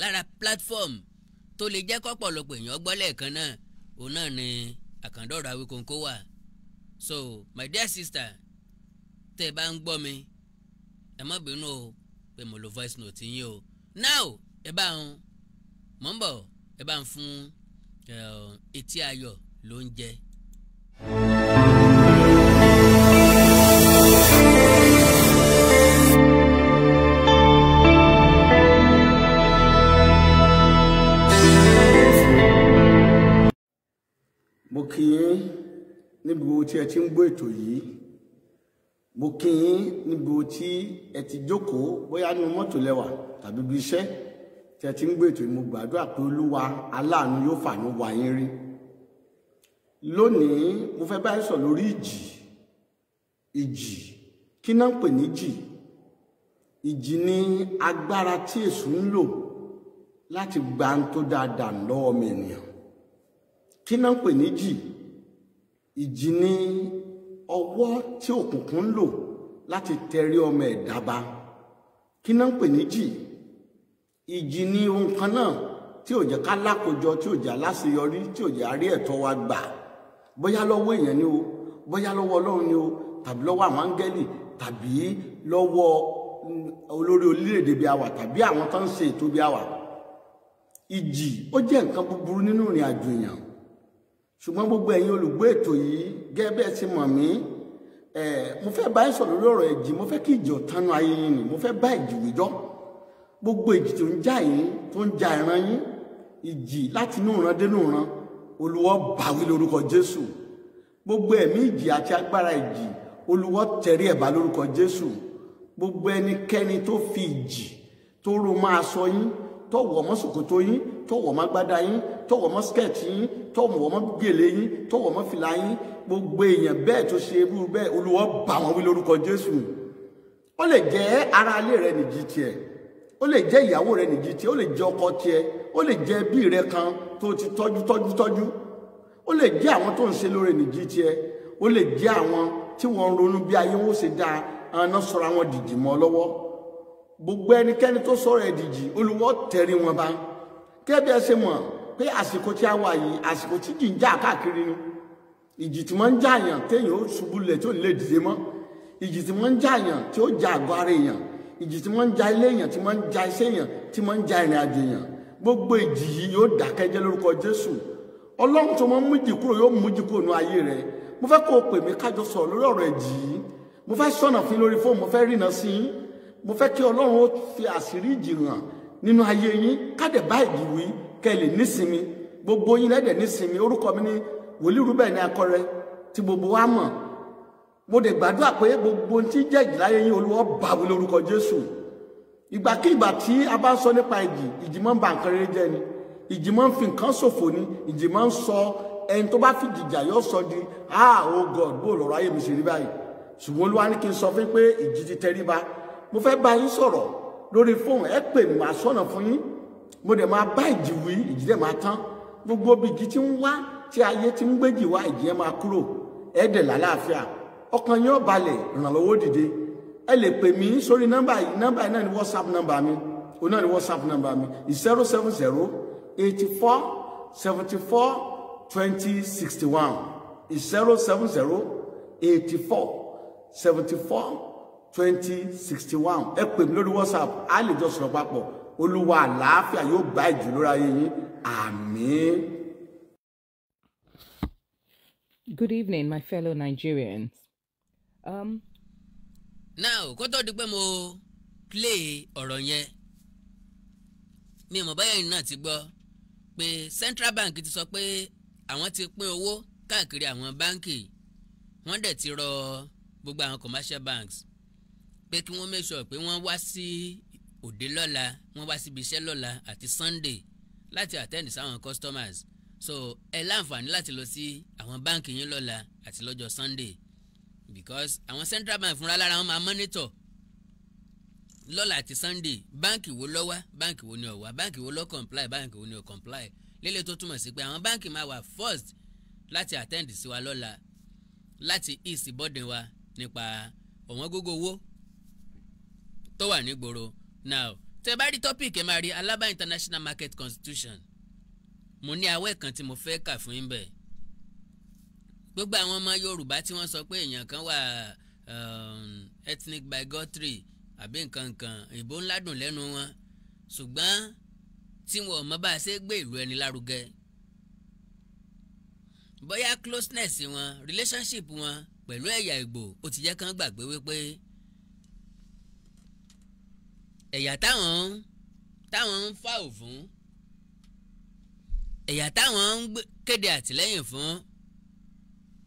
Speaker 2: lára platform tó lè jẹ́ kọ́pọ̀lọpọ̀ èèyàn gbọ́ lẹ́ẹ̀kan náà òun náà ni àkàndọ̀rọ̀ Awíkonko wà so my dear sister tẹ́ ẹ bá ń gbọ́ mi ẹ má bínú o pé mo lo voice note yín o now ẹ bá ń mọ̀ ń bọ̀ ẹ bá ń fún eh, etí ayọ̀ ló ń jẹ.
Speaker 1: thank
Speaker 3: kí yín níbi gbogbo tí ẹ ti ń gbọ́ ètò yìí mo kí yín níbi gbogbo tí ẹ ti jókòó bóyá nínú mọ́tò lẹ́wà tàbí ibi iṣẹ́ tí ẹ ti ń gbọ́ ètò yìí mo gbàdúrà pé olúwa aláàánú yóò fàánú wá yín rí lónìí mo fẹ́ báyìí sọ lórí ìjì ìjì kí náà ń pè ní jì ìjì ni agbára tí èṣù ń lò láti gba ń tó dáadáa lọ́wọ́ mi ènìyàn kí náà ń pè ní jì ìjì ni ọwọ́ tí òkùnkùn ń lò láti tẹrí ọmọ ẹ̀dá ba kí náà ń pè ní jì ìjì ni ohun kan náà tí ò jẹ́ ká lákòjọ tí ò jẹ́ aláṣeyọrí tí ò jẹ́ àrí ẹ̀tọ́ wa gbà bóyá lọ́wọ́ èèyàn ni o bóyá lọ́wọ́ ọlọ́run ni o tàbí lọ́wọ́ àwọn áńgẹ́lì tàbí lọ́wọ́ olórí orílẹ̀-èdè bí a wà tàbí àwọn tó ń ṣe ètò bí a wà ìjì ó jẹ́ nǹkan búburú nínú ìrìn àjò èèyàn ṣùgbọ́n gbogbo ẹ̀yin olùgbé ètò yìí gẹ́gẹ́ bí ẹ ti mọ̀ mí mo fẹ́ bá yín sọ̀rọ̀ lórí ọ̀rọ̀ ìjì mo fẹ́ kí ìjì ọ̀tánu ayé yín ni mo fẹ́ bá ìjì wíjọ́ gbogbo ìjì tó ń já yín tó ń já ìran yín ìjì láti inú ìran dénú ìran olùwọ́ báwí lórúkọ Jésù gbogbo ẹ̀mí ìjì àti agbára ìjì olùwọ́ tẹ̀rí ẹ̀bá lórúkọ Jésù gbogbo ẹnikẹ́ni tó fi ìjì tó ro máa sọ yín tó wọ̀ mọ́ ṣòkòtò yín tó wọ̀ mọ́ gbádá yín tó wọ̀ mọ́ skẹ̀tì yín tó wọ̀ mọ́ gèlè yín tó wọ̀ mọ́ fìlà yín gbogbo èèyàn bẹ́ẹ̀ tó ṣe irú bẹ́ẹ̀ olùwọ́ bá wọn wí lórúkọ Jésù ó lè jẹ́ ara ilé rẹ nìjí tiẹ̀ ó lè jẹ́ ìyàwó rẹ nìjí tiẹ̀ ó lè jẹ́ ọkọ tiẹ̀ ó lè jẹ́ ẹbí rẹ kan tó ti tọ́jú tọ́jú tọ́jú ó lè jẹ́ àwọn tó ń ṣe lóore nìjí tiẹ̀ ó lè jẹ́ àwọn tí wọ́n ronú bí ayé wọn ó ṣe dáa àwọn sọra wọn dìdì mọ́ lọ́wọ́ gbogbo ẹnikẹ́ni tó sọ̀rọ̀ ẹ̀dìjì olùwọ́ tẹ̀rí wọn bá kẹ́bí ẹ ṣe mọ̀ pé àsìkò tí a wà yìí àsìkò tí jì ń jà káàkiri ni ìjì tí máa ń jà yàn téèyàn ó ṣubú lẹ̀ tí ò lè dìde mọ́ ìjì tí máa ń jà yàn tí ó ja àgọ́ ara èèyàn ìjì tí máa ń ja ilé èèyàn tí máa ń ja iṣẹ́ èèyàn tí máa ń ja ìrìn àjò èèyàn gbogbo ìjì yìí yóò dákẹ́jẹ́ lórúkọ Jésù Ọlọ́run tó máa ń mú kúrò yóò mú kúrò nínú ayé rẹ mo fẹ́ kó o pè mí kájọ sọ̀rọ̀ lórí ọ̀rọ̀ ìjì yìí mo fẹ́ sọ̀nà fún lórí fóònù mo fẹ́ rìnà sí i mo fẹ́ kí ọlọ́run ó fi àṣírí ìjì hàn nínú ayé yín kádẹ̀ báyìí wí kẹ́ ẹ lè nísinmi gbogbo yín lẹ́dẹ̀ nísinmi orúkọ mi ní wòlíì rúbẹ̀ ní akọrẹ tí gbogbo wa mọ̀ mo dẹ̀ gbàdúrà pé gbogbo tí jẹ́ ìjì láyé yín olúwa bá wí lórúkọ jésù ìgbàkigbà tí a bá ń sọ nípa ìjì ìjì máa ń ba nǹkan rere jẹ́ ni ìjì máa ń fi nǹkan ṣòfò ni ìjì máa ń sọ ẹni tó bá fi jìjà yóò sọ di ah oh god bó lọ́rọ̀ ayé mi ṣe rí báyìí ṣùgbọ́n olúwa ní kí n sọ fún pé ìjì ti tẹríba mo fẹ́ bá yín sọ̀rọ̀ lórí fóònù ẹ pè mí màá sọ̀nà fún yín mo dẹ̀ máa bá ìjì wí ìjì dẹ̀ máa tán gbogbo bìjì tí ń wá tí ayé ti ń gbéjì wá ìjì ẹ máa kúrò ẹ dẹ̀ lálàáfíà ọkàn yín ó balẹ̀ ìrànlọ́wọ́ dìde ẹ lè pè mí sórí nọ́mbà yìí nọ́mbà yìí náà ni whatsapp nọ́mbà mi òun náà ni whatsapp nọ́mbà mi zero seven zero eighty four seventy four twenty sixty one zero seven zero eighty four seventy four twenty sixty one ẹ pè mí lórí whatsapp a lè jọ sọ̀rọ̀ papọ̀ olúwa àlàáfíà yóò gba ìjù lórí ayé yín àmín.
Speaker 4: Good evening, my fellow Nigerians. Um,
Speaker 2: now kó tó di pé mo play ọ̀rọ̀ yẹn mi mọ̀ báyẹn náà ti gbọ́ pé Central Bank ti sọ pé àwọn ti pín owó káàkiri àwọn báńkì wọ́n dẹ̀ ti rọ gbogbo àwọn commercial banks pé kí wọ́n mẹ́sọ̀ pé wọ́n wá sí òde lọ́la wọ́n wá síbi iṣẹ́ lọ́la àti Sunday láti attend sáwọn customers so ẹ láǹfààní láti lọ sí àwọn báǹkì yín lọ́la àti lọ́jọ́ Sunday because àwọn Central Bank fúnra lára wọn máa mọ́nítọ̀ lọ́la àti Sunday báǹkì wo ló wà báǹkì wo ni ò wà báǹkì wo ló comply báǹkì wo ni ò comply lélẹ̀ tó túmọ̀ sí pé àwọn báǹkì máa wà first láti attend sí wa lọ́la láti ease burden wa nípa ọ̀wọ́n gógó owó tó wà nígboro now tẹ́ bá rí topic ẹ máa rí Alaba International Market Constitution mo ní awẹ́ kan tí mo fẹ́ kà fún yín bẹ́ẹ̀ gbogbo àwọn ọmọ Yorùbá tí wọ́n sọ pé èèyàn kan wà um, ethnic bigotry àbí nǹkan kan ìbò ńlá dùn lẹ́nu wọn ṣùgbọ́n tí wọn ò mọ bá a ṣe gbé ìlú ẹni lárugẹ bóyá closeness wọn relationship wọn pẹ̀lú ẹ̀yà Ìgbò ó ti jẹ́ kán gbàgbé wípé ẹ̀yà táwọn táwọn ń fà ò fún ẹ̀yà táwọn ń kéde àtìlẹ́yìn fún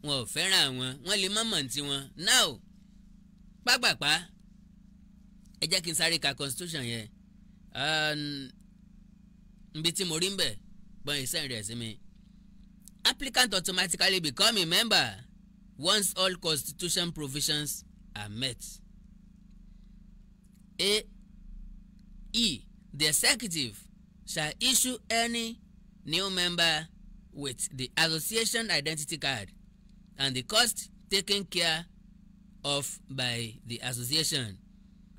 Speaker 2: wọn ò fẹ́ràn àwọn wọn lè mọ̀mọ̀ tí wọn náà pápápá ẹ jẹ́ kí n sáré ka constitution yẹn nbi um, tí mo rí ń bẹ̀ gbọ́n iṣẹ́ rẹ̀ sí mi applicant automatically become a member once all constitution provisions are met. A E. The executive shall issue any new member with the association identity card and the cost taken care of by the association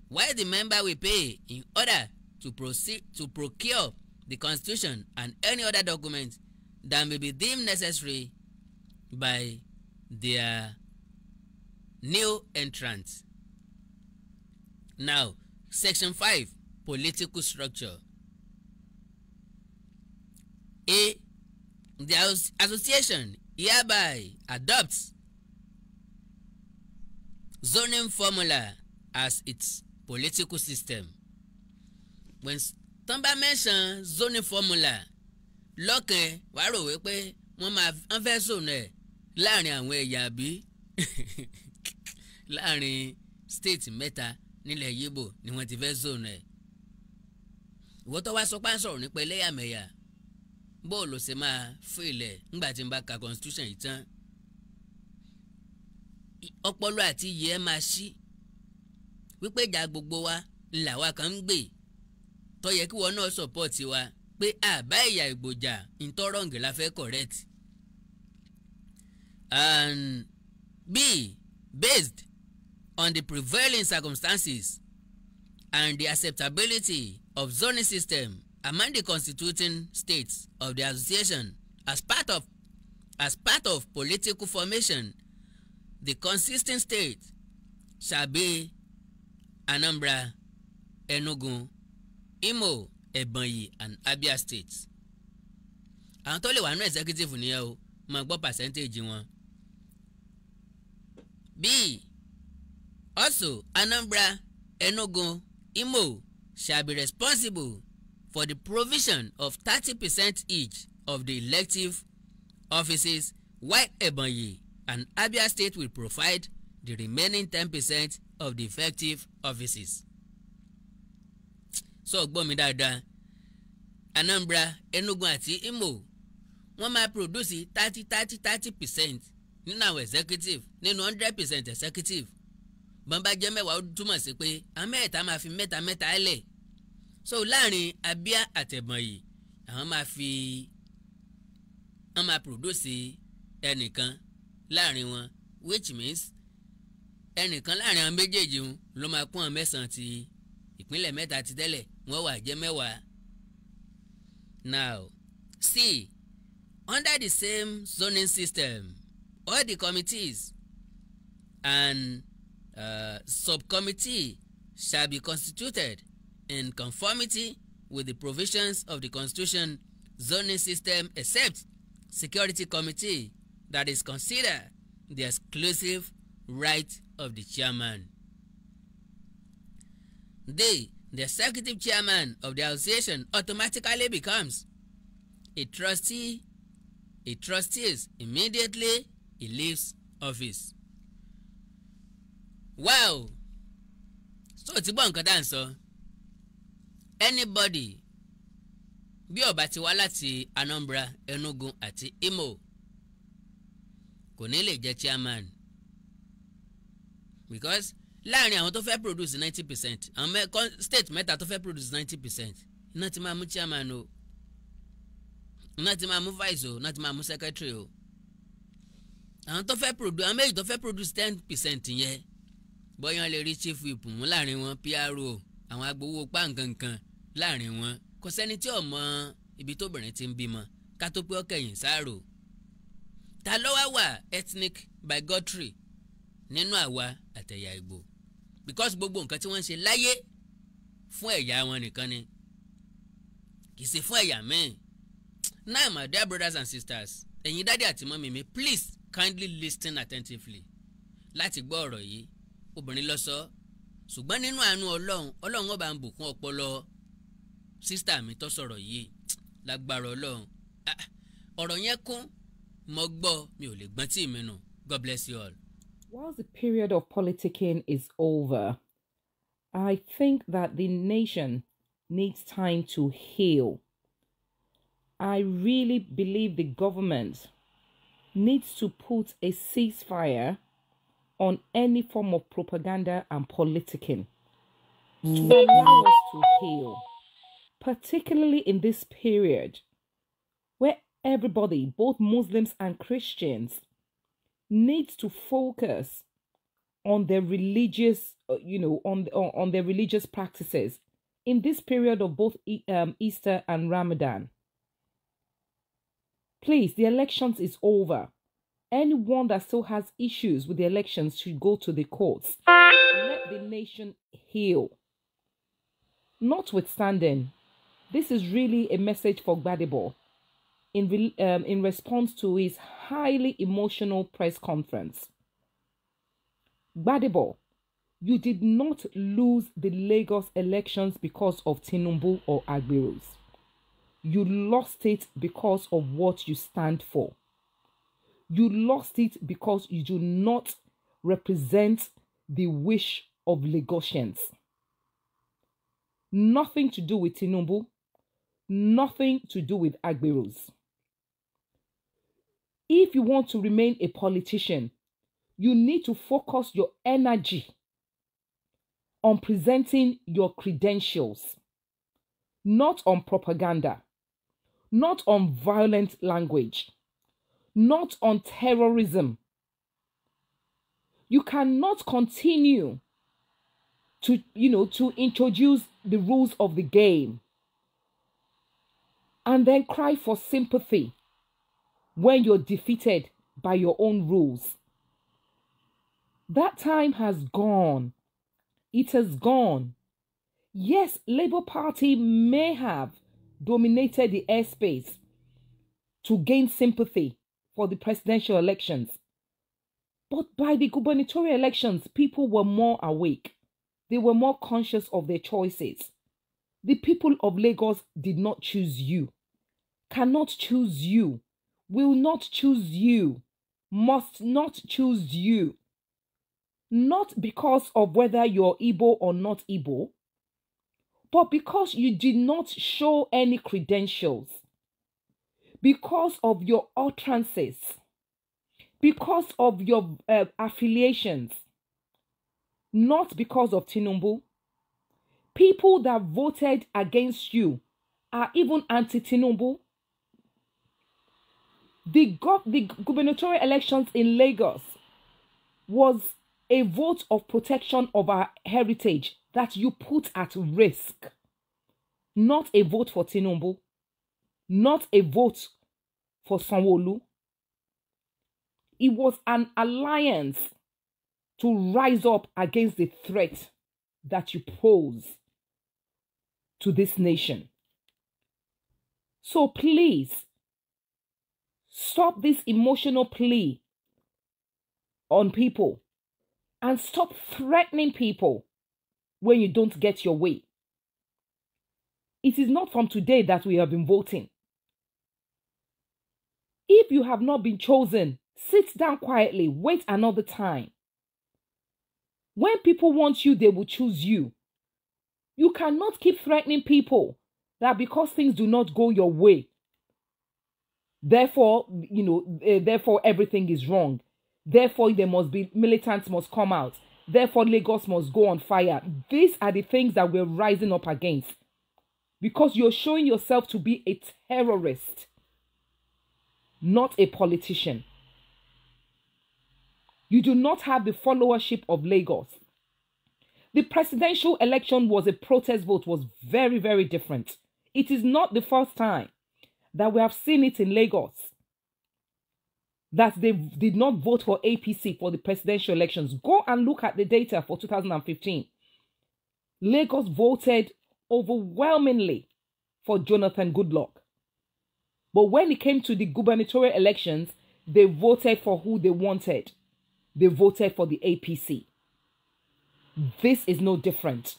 Speaker 2: while the member will pay in order to proceed to procure the constitution and any other document that may be deemed necessary by their new entrant. Now, section five political structure. A. The association hereby adopts zoning formula as its political system. When tán bá mention zoning formula lọ́kàn wàá rò wípé wọ́n máa wọ́n fẹ́ zone ẹ̀ láàrin àwọn ẹ̀yà bí láàrin state mẹ́ta nílẹ̀ yíbò ni wọ́n ti fẹ́ zone ẹ̀ ìwọ́n tó wá sọ pé à ń sọ̀rọ̀ nípa ẹlẹ́yàmẹ̀yà bóòlù ṣe máa fún ilẹ̀ ńgbà tí n bá ka constitution yìí tán ọpọlọ àti iyì ẹ máa ṣí wípé ìjà gbogbo wa ńlá wa kan ń gbè tó yẹ kí wọn náà sọpọ́ọ̀tì wa pé àbá ìyà ìgbòjà ntọ́rọ̀ǹgì la fẹ́ correct and b based on the prevailing circumstances and the acceptability of zoning system among the constituting states of the association as part of as part of political formation the consisting state shall be Anambra Enugu Imo Ebonyi and Abia states àwọn tó lè wà nínú executive nìyẹn o máa gbọ́ percentage wọn. b also Anambra Enugu Imo shall be responsible for the provision of thirty percent each of the elective offices while Ebonyi and Abia State will provide the remaining ten percent of the effective offices. sọ so, gbọ́ mi dáadáa Anambra Enugu àti Imo wọ́n máa produce thirty thirty thirty percent nínú àwọn executive nínú hundred percent executive bọ́n bá jẹ́ mẹ́wàá ó túmọ̀ sí pé àwọn mẹ́ta máa fi mẹ́ta mẹ́ta lẹ̀ so láàrin Abia àtẹ̀bọ̀nyì àwọn máa fi wọ́n máa produce ẹnìkan láàrin wọn which means ẹnìkan láàrin àwọn méjèèjì wọn ló máa kún àwọn mẹ́sàn-án ti ìpínlẹ̀ mẹ́ta ti tẹ́lẹ̀ wọ́n wà jẹ́ mẹ́wàá now see under the same zoning system all the committees and uh, subcommittee shall be constituted in conformity with the provisions of the Constitution, zoning system, except security committee that is considered the exclusive right of the chairman. D. The executive chairman of the association automatically becomes a trustee. A trustees immediately he leaves office. Wow! So ti gbọ́ nǹkan dá ń sọ. So anybody bí ọba ti wá láti Anambra Enugu àti Imo kò ní lè jẹ́ chairman because láàrin àwọn tó fẹ́ produce ninety percent àwọn state mẹ́ta tó fẹ́ produce ninety percent iná ti máa mú chairman o iná ti máa mú vice o iná ti máa mú secretary o àwọn tó fẹ́ produce àwọn méjì tó fẹ́ produce ten percent yẹn bọ́yán lè rí chief whip mú láàrin wọn PRO àwọn agbowó pa nǹkan láàrin wọn kò sẹ́ni tí ò mọ ibi tóbìnrin ti ń bímọ ká tó pé ó kẹ̀yìn sáàrò ta ló wá wà ethnic bigotry nínú àwa àtẹ̀yà Ìgbò because gbogbo nǹkan tí wọ́n ń ṣe láyé fún ẹ̀yà wọn nìkan ni kì í ṣe fún ẹ̀yà míì now my dear brothers and sisters ẹ̀yin dáadé àti mọ́mì mi please kindly listen attentively láti gbọ́ ọ̀rọ̀ yìí obìnrin ló sọ ṣùgbọ́n nínú àánú ọlọ́run ọlọ́run ọba ń bùkún ọpọlọ sísítà mi tó sọ̀rọ̀ yìí lágbára ọlọ́run ah, ọ̀rọ̀ yẹn kún mo gbọ́ mi ò lè gbọ́n tí mi nù God bless you all.
Speaker 4: While the period of politicking is over, I think that the nation needs time to heal. I really believe the government needs to put a ceasefire on any form of propaganda and politicking to allow us to heal. particularly in this period where everybody, both Muslims and Christians, needs to focus on their religious, uh, you know, on, on their religious practices in this period of both um, Easter and Ramadan. Please, the elections is over. Anyone that still has issues with the elections should go to the courts. Let the nation heal. Notwithstanding, this is really a message for Gbadebo in, re, um, in response to his highly emotional press conference. Gbadebo, you did not lose the Lagos elections because of Tinubu or Agbiros. You lost it because of what you stand for. You lost it because you do not represent the wish of Lagosians. Nothing to do with Tinubu nothing to do with Agberos. If you want to remain a politician, you need to focus your energy on presenting your credentials, not on propaganda, not on violent language, not on terrorism. You cannot continue to, you know, to introduce the rules of the game and then cry for sympathy when you're defeated by your own rules. That time has gone. It has gone. Yes, Labour Party may have dominated the airspace to gain sympathy for the presidential elections. But by the gubernatorial elections, people were more awake. They were more conscious of their choices. The people of Lagos did not choose you, cannot choose you, will not choose you, must not choose you. Not because of whether you're Igbo or not Igbo, but because you did not show any credentials, because of your utterances, because of your uh, affiliations, not because of Tinubu, people that voted against you are even anti-Tinubu. The, gov the gubernatorial elections in Lagos was a vote of protection of our heritage that you put at risk. Not a vote for Tinubu. Not a vote for Sanwolu. It was an alliance to rise up against the threat that you pose to this nation. So please stop this emotional plea on people and stop threatening people when you don't get your way. It is not from today that we have been voting. If you have not been chosen, sit down quietly, wait another time. When people want you, they will choose you. You cannot keep threatening people that because things do not go your way, therefore, you know, uh, therefore everything is wrong. Therefore, there must be militants must come out. Therefore, Lagos must go on fire. These are the things that we're rising up against because you're showing yourself to be a terrorist, not a politician. You do not have the followership of Lagos. The presidential election was a protest vote, was very, very different. It is not the first time that we have seen it in Lagos that they did not vote for APC for the presidential elections. Go and look at the data for 2015. Lagos voted overwhelmingly for Jonathan Goodluck. But when it came to the gubernatorial elections, they voted for who they wanted. They voted for the APC this is no different.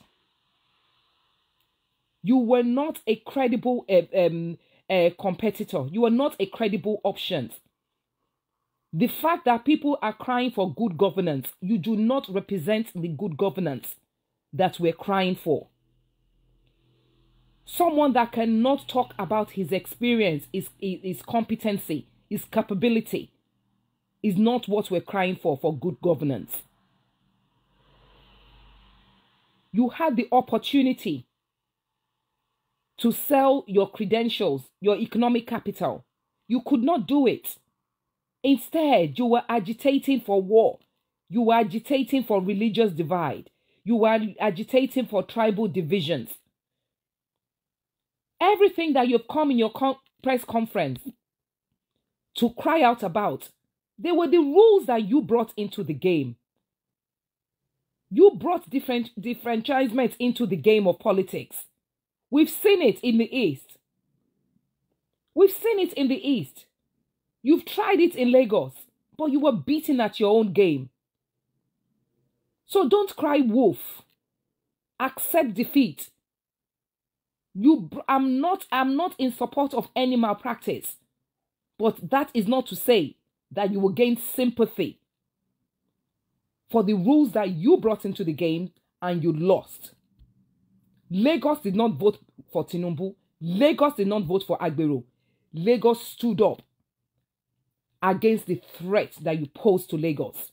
Speaker 4: You were not a credible eh, um, uh, competitor. You were not a credible option. The fact that people are crying for good governance, you do not represent the good governance that we're crying for. Someone that cannot talk about his experience, his, his competency, his capability is not what we're crying for for good governance you had the opportunity to sell your credentials, your economic capital. You could not do it. Instead, you were agitating for war. You were agitating for religious divide. You were agitating for tribal divisions. Everything that you've come in your con press conference to cry out about, they were the rules that you brought into the game. You brought different disenfranchisement into the game of politics. We've seen it in the East. We've seen it in the East. You've tried it in Lagos, but you were beaten at your own game. So don't cry wolf. Accept defeat. You, I'm not, I'm not in support of any malpractice, but that is not to say that you will gain sympathy for the rules that you brought into the game and you lost. Lagos did not vote for Tinubu. Lagos did not vote for Agbero. Lagos stood up against the threat that you posed to Lagos.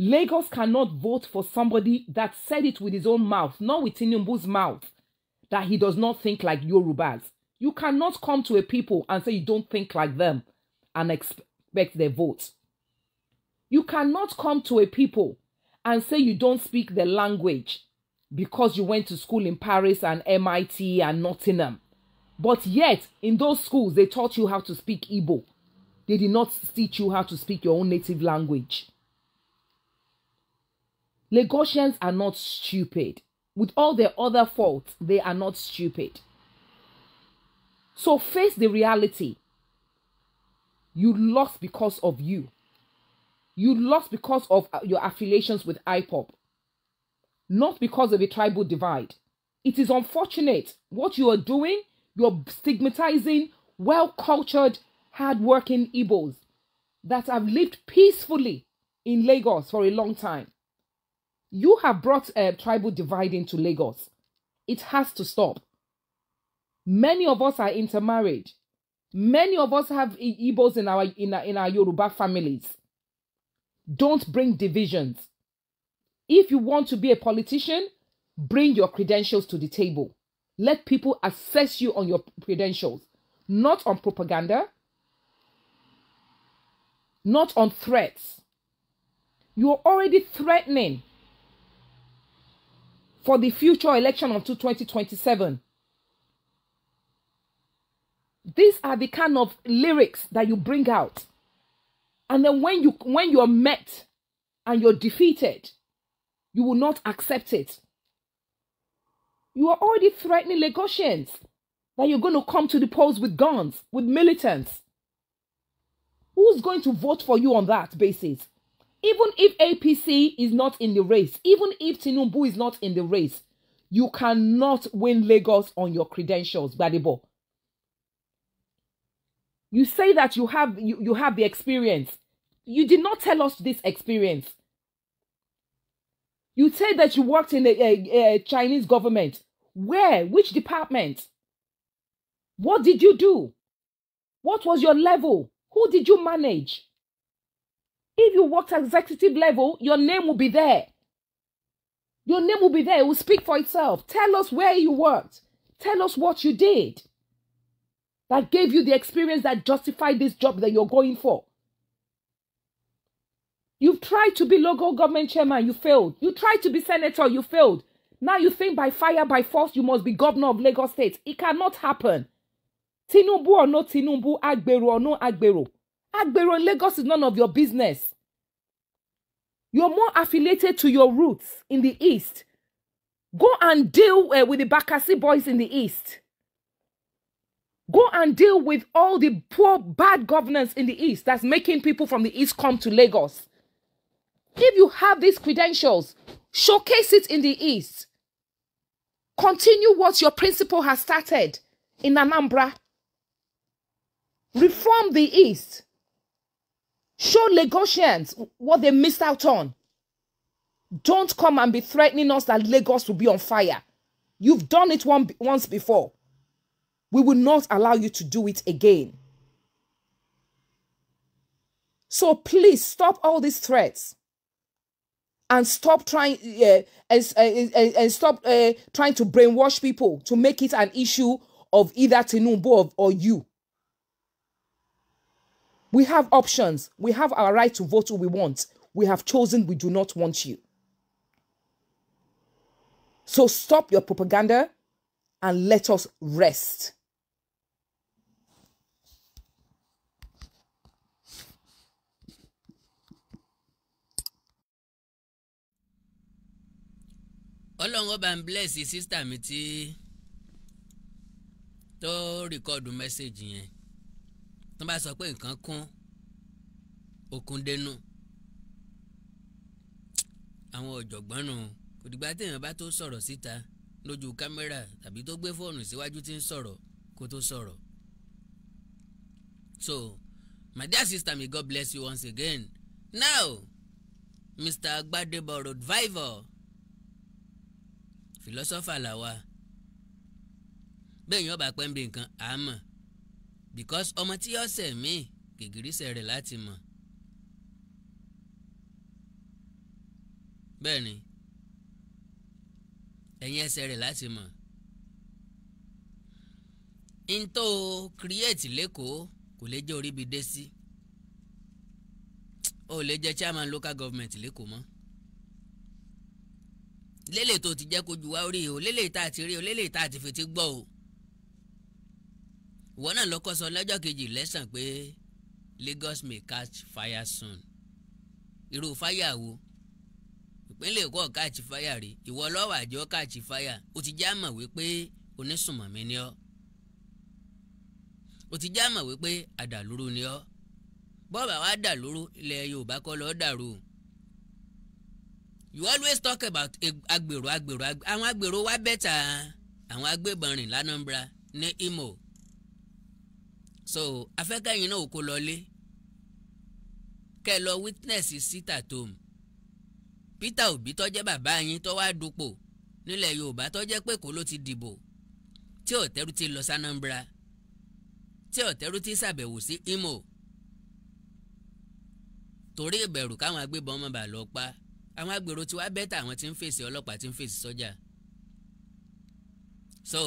Speaker 4: Lagos cannot vote for somebody that said it with his own mouth, not with Tinubu's mouth, that he does not think like Yorubas. You cannot come to a people and say you don't think like them and expect their votes. You cannot come to a people and say you don't speak the language because you went to school in Paris and MIT and Nottingham. But yet, in those schools, they taught you how to speak Igbo. They did not teach you how to speak your own native language. Lagosians are not stupid. With all their other faults, they are not stupid. So face the reality. You lost because of you. You lost because of uh, your affiliations with IPOP, not because of a tribal divide. It is unfortunate what you are doing. You're stigmatizing well cultured, hard working Igbos that have lived peacefully in Lagos for a long time. You have brought uh, tribal divide into Lagos. It has to stop. Many of us are intermarried. Many of us have Igbos in our, in our, in our Yoruba families. Don't bring divisions. If you want to be a politician, bring your credentials to the table. Let people assess you on your credentials, not on propaganda, not on threats. You're already threatening for the future election of 2027. These are the kind of lyrics that you bring out. And then when you when you're met and you're defeated, you will not accept it. You are already threatening Lagosians that you're going to come to the polls with guns, with militants. Who's going to vote for you on that basis? Even if APC is not in the race, even if Tinubu is not in the race, you cannot win Lagos on your credentials, Badibo. You say that you have you, you have the experience. You did not tell us this experience. You say that you worked in the Chinese government. Where? Which department? What did you do? What was your level? Who did you manage? If you worked at executive level, your name will be there. Your name will be there. It will speak for itself. Tell us where you worked. Tell us what you did. that gave you the experience that justified this job that you're going for. You've tried to be local government chairman, you failed. You tried to be senator, you failed. Now you think by fire, by force, you must be governor of Lagos State. It cannot happen. Tinubu or no Tinubu, Agbero or no Agbero. Agbero in Lagos is none of your business. You're more affiliated to your roots in the East. Go and deal uh, with the Bakassi boys in the East. Go and deal with all the poor, bad governance in the East that's making people from the East come to Lagos. If you have these credentials, showcase it in the East. Continue what your principal has started in Anambra. Reform the East. Show Lagosians what they missed out on. Don't come and be threatening us that Lagos will be on fire. You've done it one, once before. We will not allow you to do it again. So please stop all these threats and stop trying uh, and, uh, and, stop uh, trying to brainwash people to make it an issue of either Tinubu or you. We have options. We have our right to vote who we want. We have chosen we do not want you. So stop your propaganda and let us rest.
Speaker 2: ọlọ́run ọba ń bless sísítà mi tí tó rìkọ́dù mẹ́sẹ̀gì yẹn tó bá sọ pé nǹkan kún okun dẹnu àwọn ọ̀jọ̀gbọ́n nù kò dìgbà téèyàn bá tó sọ̀rọ̀ síta lójú kámẹ́rà tàbí tó gbé fóònù síwájú tí ń sọ̀rọ̀ kó tó sọ̀rọ̀ so my dear sister may God bless you once again now Mr. Gbadebo road viver fìlọ́sọ́fà làwa bẹ́ẹ̀ yín ọba pẹ́ńbì nǹkan àmọ́ because ọmọ tí ọ̀sẹ̀ míì gègìrísẹ̀ rẹ̀ láti mọ̀ bẹ́ẹ̀ ni ẹ̀yìn ẹsẹ̀ rẹ̀ láti mọ̀ ntó create lẹ́kọ̀ọ́ kò lè jẹ́ orí dé sí o lè jẹ́ chairman local government lẹ́kọ̀ọ́ mọ́ lélẹ̀ tó ti jẹ́ kojú wa rí o lélẹ̀ tá a ti rí o lélẹ̀ tá a ti fi ti gbọ́ o ìwọ náà lọ́kọ́ sọ lọ́jọ́ kejì lẹ́sàn pé Lagos may catch fire soon irú fáyà wo ìpínlẹ̀ Èkó káàtì fáyà rí ìwọ lọ́wọ́ àjọ káàtì fáyà o ti já mọ̀ wípé onísùnmọ̀mí ni ọ́ o ti já mọ̀ wípé àdàlúrú ni ọ́ bọ́ọ̀bà wa dàlúrú ilẹ̀ Yorùbá kọ́ lọ́ọ́ dàrú o you always talk about agbèrò agbèrò àwọn agbèrò wa bẹ́tà àwọn agbébọn rìn lánàmbra ní Imo so afẹ́kẹ́yìn náà kò lọlé kẹ́ ẹ lọ witness sita tom Peter Obi tó jẹ́ bàbá yín tó wá dupò nílẹ̀ Yorùbá tó jẹ́ pé kó ló ti dìbò tí ọ̀tẹ́rù ti lọ sánàmbra tí ọ̀tẹ́rù ti ṣàbẹ̀wò sí Imo torí ìbẹ̀rù káwọn agbébọn má bàa lọ pa àwọn agbèrò tiwa bẹ́tà àwọn tí ń fèsì ọlọ́pàá tí ń fèsì sọ́jà so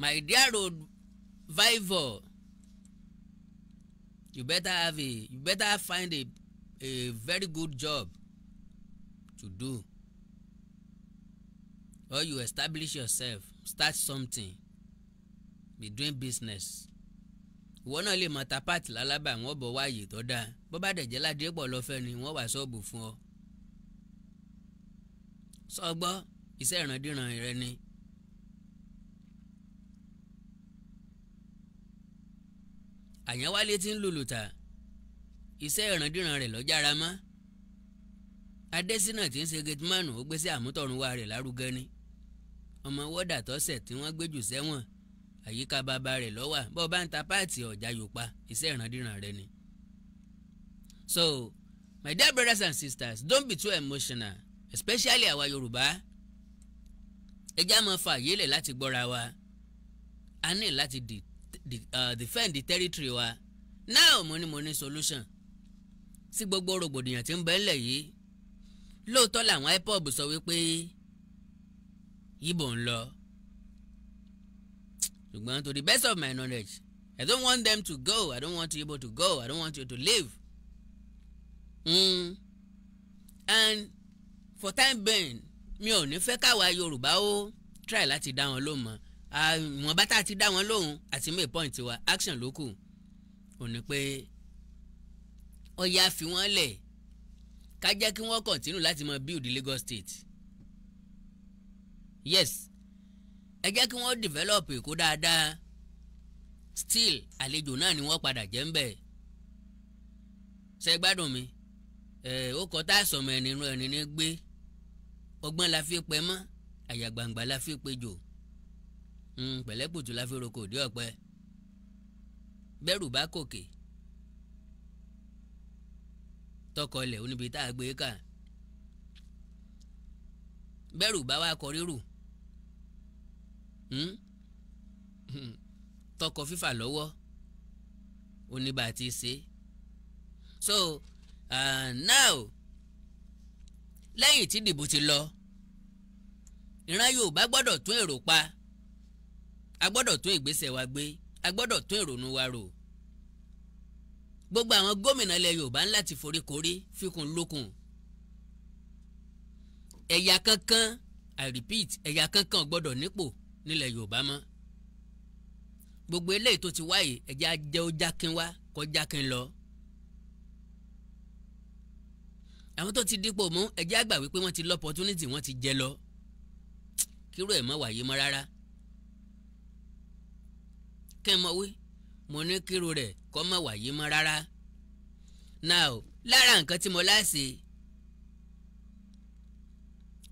Speaker 2: my dear road vivor you better have a you better find a a very good job to do or you establish yourself start something be doing business ìwọ náà lè mọ tapat lálábà wọn bọ̀ wá àyè tó dáa bó bá dẹ̀ jẹ́ ládé pọ̀ lọ́fẹ́ ni wọ́n wà sọ́ọ̀bù fún ọ. sọgbọ́ iṣẹ́ ìrandíran rẹ ni. àyànwálé ti ń lùlù tà iṣẹ́ ìrandíran rẹ̀ lọ́jára mọ́ adésínà tí ń ṣe gẹtìmánù ó gbé sí àmútọ̀runwá rẹ̀ lárugẹ ni ọmọ wọ́dà tọ́sẹ̀ tí wọ́n gbé jù sẹ́wọ̀n àyíká bàbá rẹ̀ lọ́wà bó bá ń ta páàtì ọ̀já yòpa iṣẹ́ ìrandíran rẹ ni. so my dear brothers and sisters don't be too emotional especially our Yorùbá ẹ já máa fa àyè lẹ̀ láti gbọ́ra wa a ní láti uh, defend the territory wa now mo ní mo ní solution sí gbogbo rògbòdìyàn tí ń bẹ ńlẹ̀ yìí lóòótọ́ làwọn IPOB sọ wípé yíbò ń lọ ṣùgbọ́n to the best of my knowledge I don't want them to go I don't want you to go I don't want you to leave mm. and for time being mi ò ní fẹ́ káwa Yorùbá ó try láti dá wọn lóhùn mọ́ àwọn bàtà ti dá wọn lóhùn àti may point wa action ló kù ò ní pé ọ̀yà fi wọ́n lẹ̀ ká jẹ́ kí wọ́n continue láti máa build Lagos State yes ẹ jẹ́ kí wọ́n develop èkó dáadáa still àlejò náà ni wọ́n padà jẹ́ ń bẹ̀ ṣe gbádùn mi ẹ ó kọ tá àsọmọ ẹni inú ẹni ní gbé ọgbọ́n la fi pẹ mọ́ àyà gbangba la fi pe jò hmm, pẹ̀lẹ́kùtù la fi roko òdì ọ̀pẹ bẹ́rù bá kòkè tọkọ oníbi tá a gbé kà bẹ́rù bá wa kọ rírù Hmm? tọkọ fífà lọ́wọ́ oníbà ti ṣe so uh, now lẹ́yìn tí ìdìbò ti lọ ìran Yorùbá gbọ́dọ̀ tún èrò pa a gbọ́dọ̀ tún ìgbésẹ̀ wa gbé a gbọ́dọ̀ tún ìrònú wa rò gbogbo àwọn gómìnà ilẹ̀ Yorùbá ń láti foríkorí fikùn lukùn ẹ̀yà kankan I repeat ẹ̀yà kankan gbọ́dọ̀ nípò nílẹ̀ Yorùbá mọ́ gbogbo eléyìí tó ti wáyé ẹ̀jẹ̀ ajẹ́ ó jákin wá kọ́ jákin lọ. àwọn tó ti dípò mú ẹ̀jẹ̀ àgbà wípé wọ́n ti lọ́pọ̀túnìtì wọ́n ti jẹ lọ kíró ẹ̀ mọ́ wáyé mọ́ rárá. kí n mọ̀ wí mo ní kíró rẹ̀ kọ́ mọ́ wáyé mọ́ rárá. now lára nǹkan tí mo láṣẹ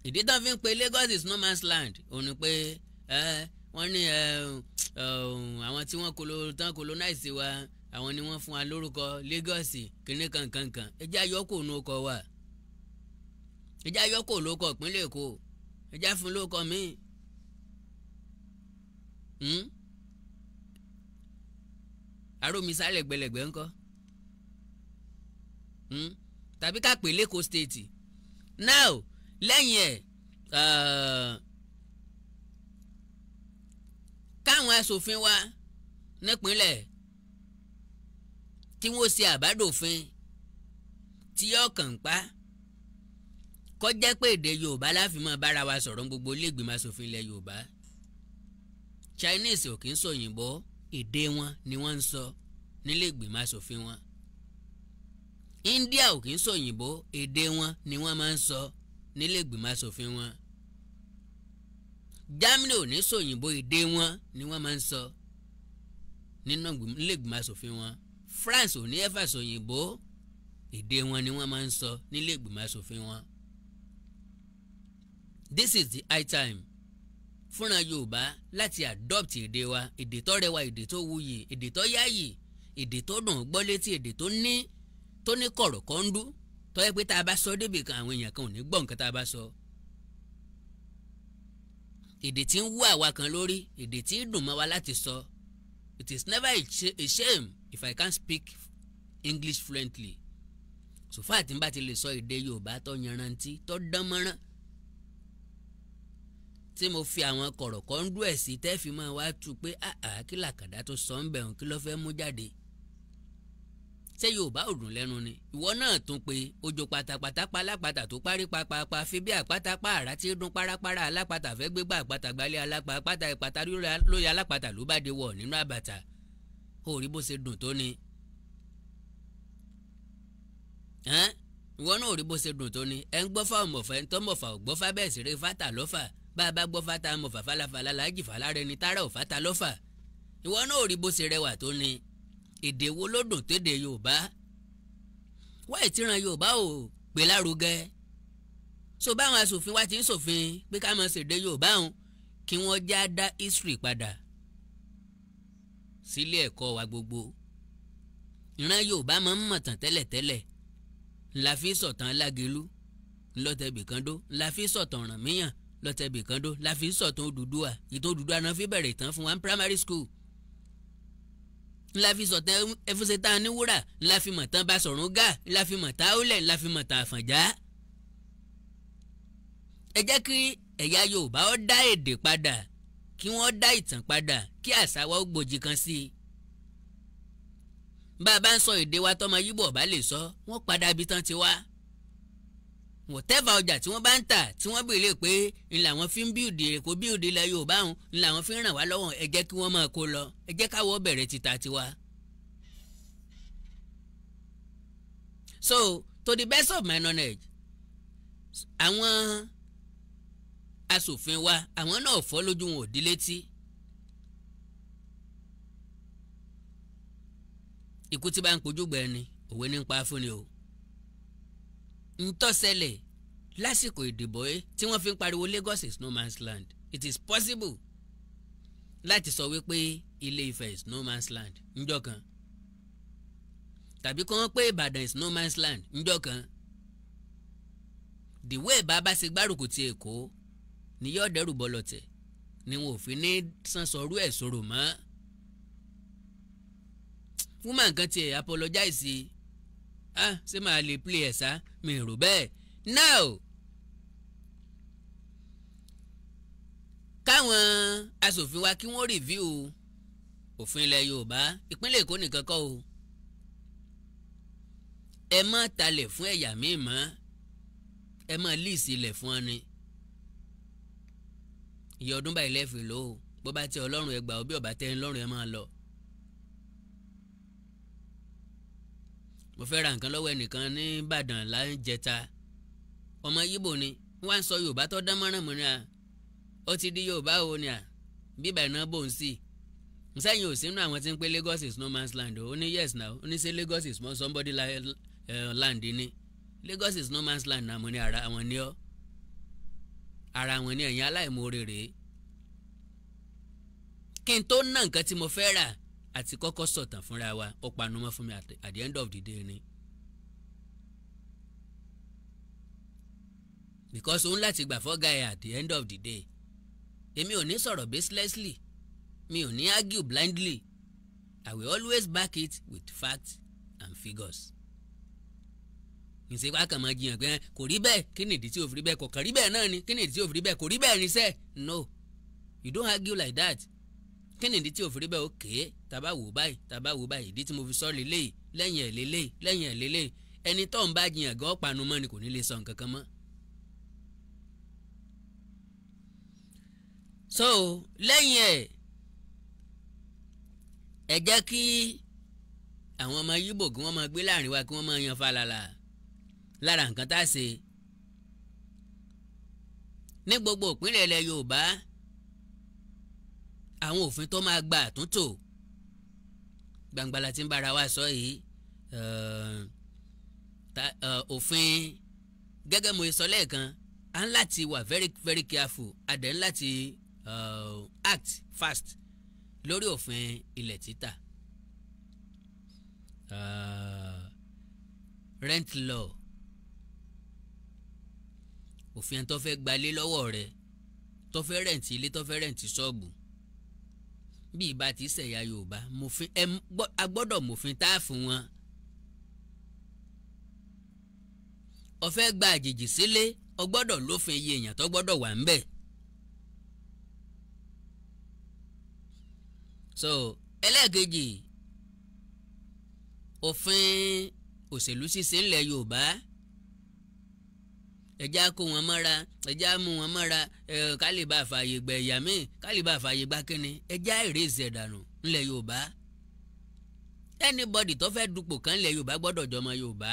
Speaker 2: ìdí tán fi ń pe Lagos is no man's land òun ni pé wọ́n ní àwọn tí wọ́n kolo tán colonize wa àwọn ni wọ́n fún wa lórúkọ Lagos kínní kankankan ẹjẹ́ ayọ́kò ní ọkọ̀ wa ẹjẹ́ ayọ́kò ló kọ̀ ìpínlẹ̀ Èkó ẹjẹ́ fún ló kọ̀ mí. Hmm? arómisá lẹ̀gbẹ̀lẹ̀gbẹ̀ ńkọ́ hmm? tàbí ká pè l'Èkó state now lẹ́yìn ẹ̀. Uh, káwọn asòfin wa nípínlẹ̀ tí wọ́n ṣe àbádòfin tí yọ kàn pa kó jẹ́ pé èdè Yorùbá láfimọ́ bára wa sọ̀rọ̀ gbogbo iléègbìmọ̀ asòfin ilẹ̀ Yorùbá Chinese ò kì í sọ òyìnbó èdè wọn ni wọ́n ń sọ níléègbìmọ̀ asòfin wọn India ò kì í sọ òyìnbó èdè wọn ni wọ́n máa ń sọ níléègbìmọ̀ asòfin wọn Germany ò ní sòyìnbó èdè wọn ni wọ́n máa ń sọ nínú nílẹ̀gbìmọ̀ asòfin wọn France ò ní ẹ̀fà sòyìnbó èdè wọn ni wọ́n máa ń sọ nílẹ̀gbìmọ̀ asòfin wọn. This is the high time fúnra Yorùbá láti adopt èdè wa èdè tó rẹwà èdè tó wuyì èdè tó yáyì èdè tó dùn gbọ́ létí èdè tó ní tó ní kọ̀rọ̀ kọ́ńdú tó yẹ pé tá a bá sọ débìkan àwọn èèyàn kan ò ní gbọ́ nǹkan tá a bá sọ. So èdè tí ń wú àwa kan lórí èdè tí ń dùn mọ́ wa láti sọ it is never a shame if I can't speak English fluently sòfà àti bá ti lè sọ èdè Yorùbá tó yanrantí tó dán mọ́rán tí mo fi àwọn kọ̀rọ̀ kan ń dú ẹ̀ sí tẹ́ fi máa wá tu pé àá kí tó sọ ń bẹ̀rùn kí ló fẹ́ mú jáde ṣé yorùbá ò dùn lẹ́nu ni ìwọ náà tún pé òjò pátápátá palápàtà tó parí papapa fi bí àpáta pààrà tí dún parapara alápàtà fẹ́ gbégbá àpáta gbalẹ̀ alápá àpáta ìpàtà lóye alápàtà ló bá de wọ̀ nínú àbàtà ó rí bó ṣe dùn tó ni. ìwọ náà ò rí bó ṣe dùn tó ni ẹ ń gbọ́fà ọmọfà ẹ ń tọ́mọfà ò gbọ́fà bẹ́ẹ̀ sì rí fata lọ́fà bá a bá gbọ́fà ta mọ̀fà falafalà láàjì falárẹni tára ò fata lọ́fà ìwọ náà ò rí bó ṣe rẹwà tó ni èdè wo ló dùn tédè yorùbá wáyé tí ran yorùbá ò gbé lárugẹ so báwọn asòfin wa ti ń ṣòfin pé ká máa ṣèdè yorùbá òun kí wọ́n já dá history padà sílé ẹ̀kọ́ wa gbogbo ìran yorùbá máa ń mọ̀tàn tẹ́lẹ̀tẹ́lẹ̀ la fi sọ̀tàn alágelu lọ́tẹ̀bì kan dó la fi sọ̀tàn ọ̀ràn míyàn lọ́tẹ̀bì kan dó la fi sọ̀tàn odùduwà ìtàn odùduwà náà fi bẹ̀rẹ̀ ìtàn fún wa ní primary school ńlá fi sọ̀tẹ́ ẹfúnṣetá níwúrà ńlá fi mọ̀tán bá sọ̀rún gà ńlá fi mọ̀tá ọ̀lẹ̀ ńlá fi mọ̀tá àfọ̀njá. ẹ jẹ́ kí ẹ̀yà Yorùbá ó dá èdè padà kí wọ́n dá ìtàn padà kí àṣà wa ó gbòjì kan sí i. bá a bá ń sọ èdè wa tọmọ yíbọ̀ bá lè sọ wọ́n padà bí tán ti wá wọ̀tẹ́fà ọjà tí wọ́n bá ń tà tí wọ́n bèèrè pé ń làwọn fi ń bíòdì èkó bíòdì ilẹ̀ yorùbá ń làwọn fi ń ràn wá lọ́wọ́ ẹ jẹ́ kí wọ́n máa kó lọ ẹ jẹ́ káwọ́ bẹ̀rẹ̀ títà tiwa. so to the best of my knowledge àwọn asòfin wa àwọn náà fọ́ lójú wọn ò dí létí. ikú tí bá ń pojú gbẹ ni òwe ní ń pa fún ni o ntọ́sẹ̀lẹ̀ lásìkò ìdìbò ẹ eh, tí wọ́n fi ń pariwo Lagos is no man's land it is possible láti sọ wípé Ilé Ifẹ̀ is no man's land ńjọ́ kan tàbí kí wọ́n pé Ìbàdàn is no man's land ńjọ́ the way bàbá ṣe gbárùkù ti Èkó ni yóò dẹ́rù bọ́lọ̀tẹ̀ ni wọn ò fi ní sànsọ̀rú ẹ̀ sọ̀rọ̀ mọ́ woman kan tiẹ̀ apologize ah ṣé màá lè play ẹ̀ mi rò bẹ́ẹ̀ now káwọn asòfin wa kí wọ́n review òfin ilẹ̀ Yorùbá ìpínlẹ̀ Èkó nìkan kọ́ o ẹ má talẹ̀ fún ẹ̀yà míì mọ́ ẹ má líìsì ilẹ̀ fún ọ ni ìyẹ báyìí lẹ́ẹ̀fì lò ó bó bá tẹ Ọlọ́run ẹ gbà ó bí ọba tẹ ń lọ́rùn ẹ máa lọ. mo fẹ́ ra nǹkan lọ́wọ́ ẹnìkan ní Ìbàdàn láńjẹta ọmọ yíbò ni wọ́n á sọ Yorùbá tó dán mọ́ràn mọ́ràn à ó ti di Yorùbá wo ni à bíbà iná bò ń sì sẹ́yìn ò sínú àwọn tí ń pé Lagos is no man's land ó ní yes now ó ní ṣe Lagos is more somebody land ni Lagos is no man's land náà mo ní ara wọn ní ọ́ ara wọn ní ẹ̀yìn aláìmoore rèé kí n tó ná nǹkan tí mo fẹ́ rà àti kọ́kọ́ sọ̀tàn fúnra wa ó panumọ́ fún mi at the end of the day ni. because òun láti gbà fọ́gà ẹ̀ at the end of the day èmi ò ní sọ̀rọ̀ baselessly mi ò ní argue blindly I will always back it with facts and figures. ìṣèpá kan máa jiyàn pé kò rí bẹ́ẹ̀ kí ni ìdí tí ò fi rí bẹ́ẹ̀ kò kàn rí bẹ́ẹ̀ náà ni kí ni ìdí tí ò fi rí bẹ́ẹ̀ kò rí bẹ́ẹ̀ ni sẹ́ẹ̀ no you don't argue like that kí ni ìdí tí òfin rí bẹ́ẹ̀ ó kéé tàbá wò báyìí tàbá wò báyìí ìdí tí mo fi sọ lélẹ́yìí lẹ́yìn ẹ̀ lẹ́yìn ẹ̀ ẹni tó ń bá jiyàn gan panu mọ́ ni kò ní lè sọ nǹkan kan mọ́. so lẹ́yìn ẹ̀ ẹ jẹ́ kí àwọn ọmọ yíbò kí wọ́n máa gbé láàrin wa kí wọ́n máa yan falala lára nǹkan tá a ṣe ní gbogbo ìpínlẹ̀ ilẹ̀ Yorùbá àwọn òfin tó máa gba àtúntò gbangba la ti ń bára wa sọ yìí eh, eh, òfin gẹ́gẹ́ mo sọ lẹ́ẹ̀kan à ń láti wà very very careful a ń láti uh, act fast lórí òfin ilẹ̀ títà uh, rent law òfin tó fẹ́ gbalé lọ́wọ́ rẹ̀ tó fẹ́ rẹ̀ǹtì ilé tó fẹ́ rẹ̀ǹtì ṣọ́ọ̀bù bí ìbá ti ṣẹ̀yà yorùbá mòfin ẹ mòfin tá a fún wọn. ọ̀fẹ́ gba àjèjì sílé ọgbọ́dọ̀ lófin iye èèyàn tó gbọ́dọ̀ wà ń bẹ̀. so ẹlẹ́ẹ̀kejì òfin òṣèlú ṣíṣe ńlẹ̀ yorùbá ẹ̀já kó wọn mọ́ra ẹ̀já mú wọn mọ́ra kálíbà fààyè gbà ẹ̀yà míì kálíbà fààyè gbà kínní ẹ̀já ìrèsì ẹ̀dànù ńlẹ̀ Yorùbá anybody tó fẹ́ dupò kan ńlẹ̀ Yorùbá gbọ́dọ̀ jọmọ Yorùbá.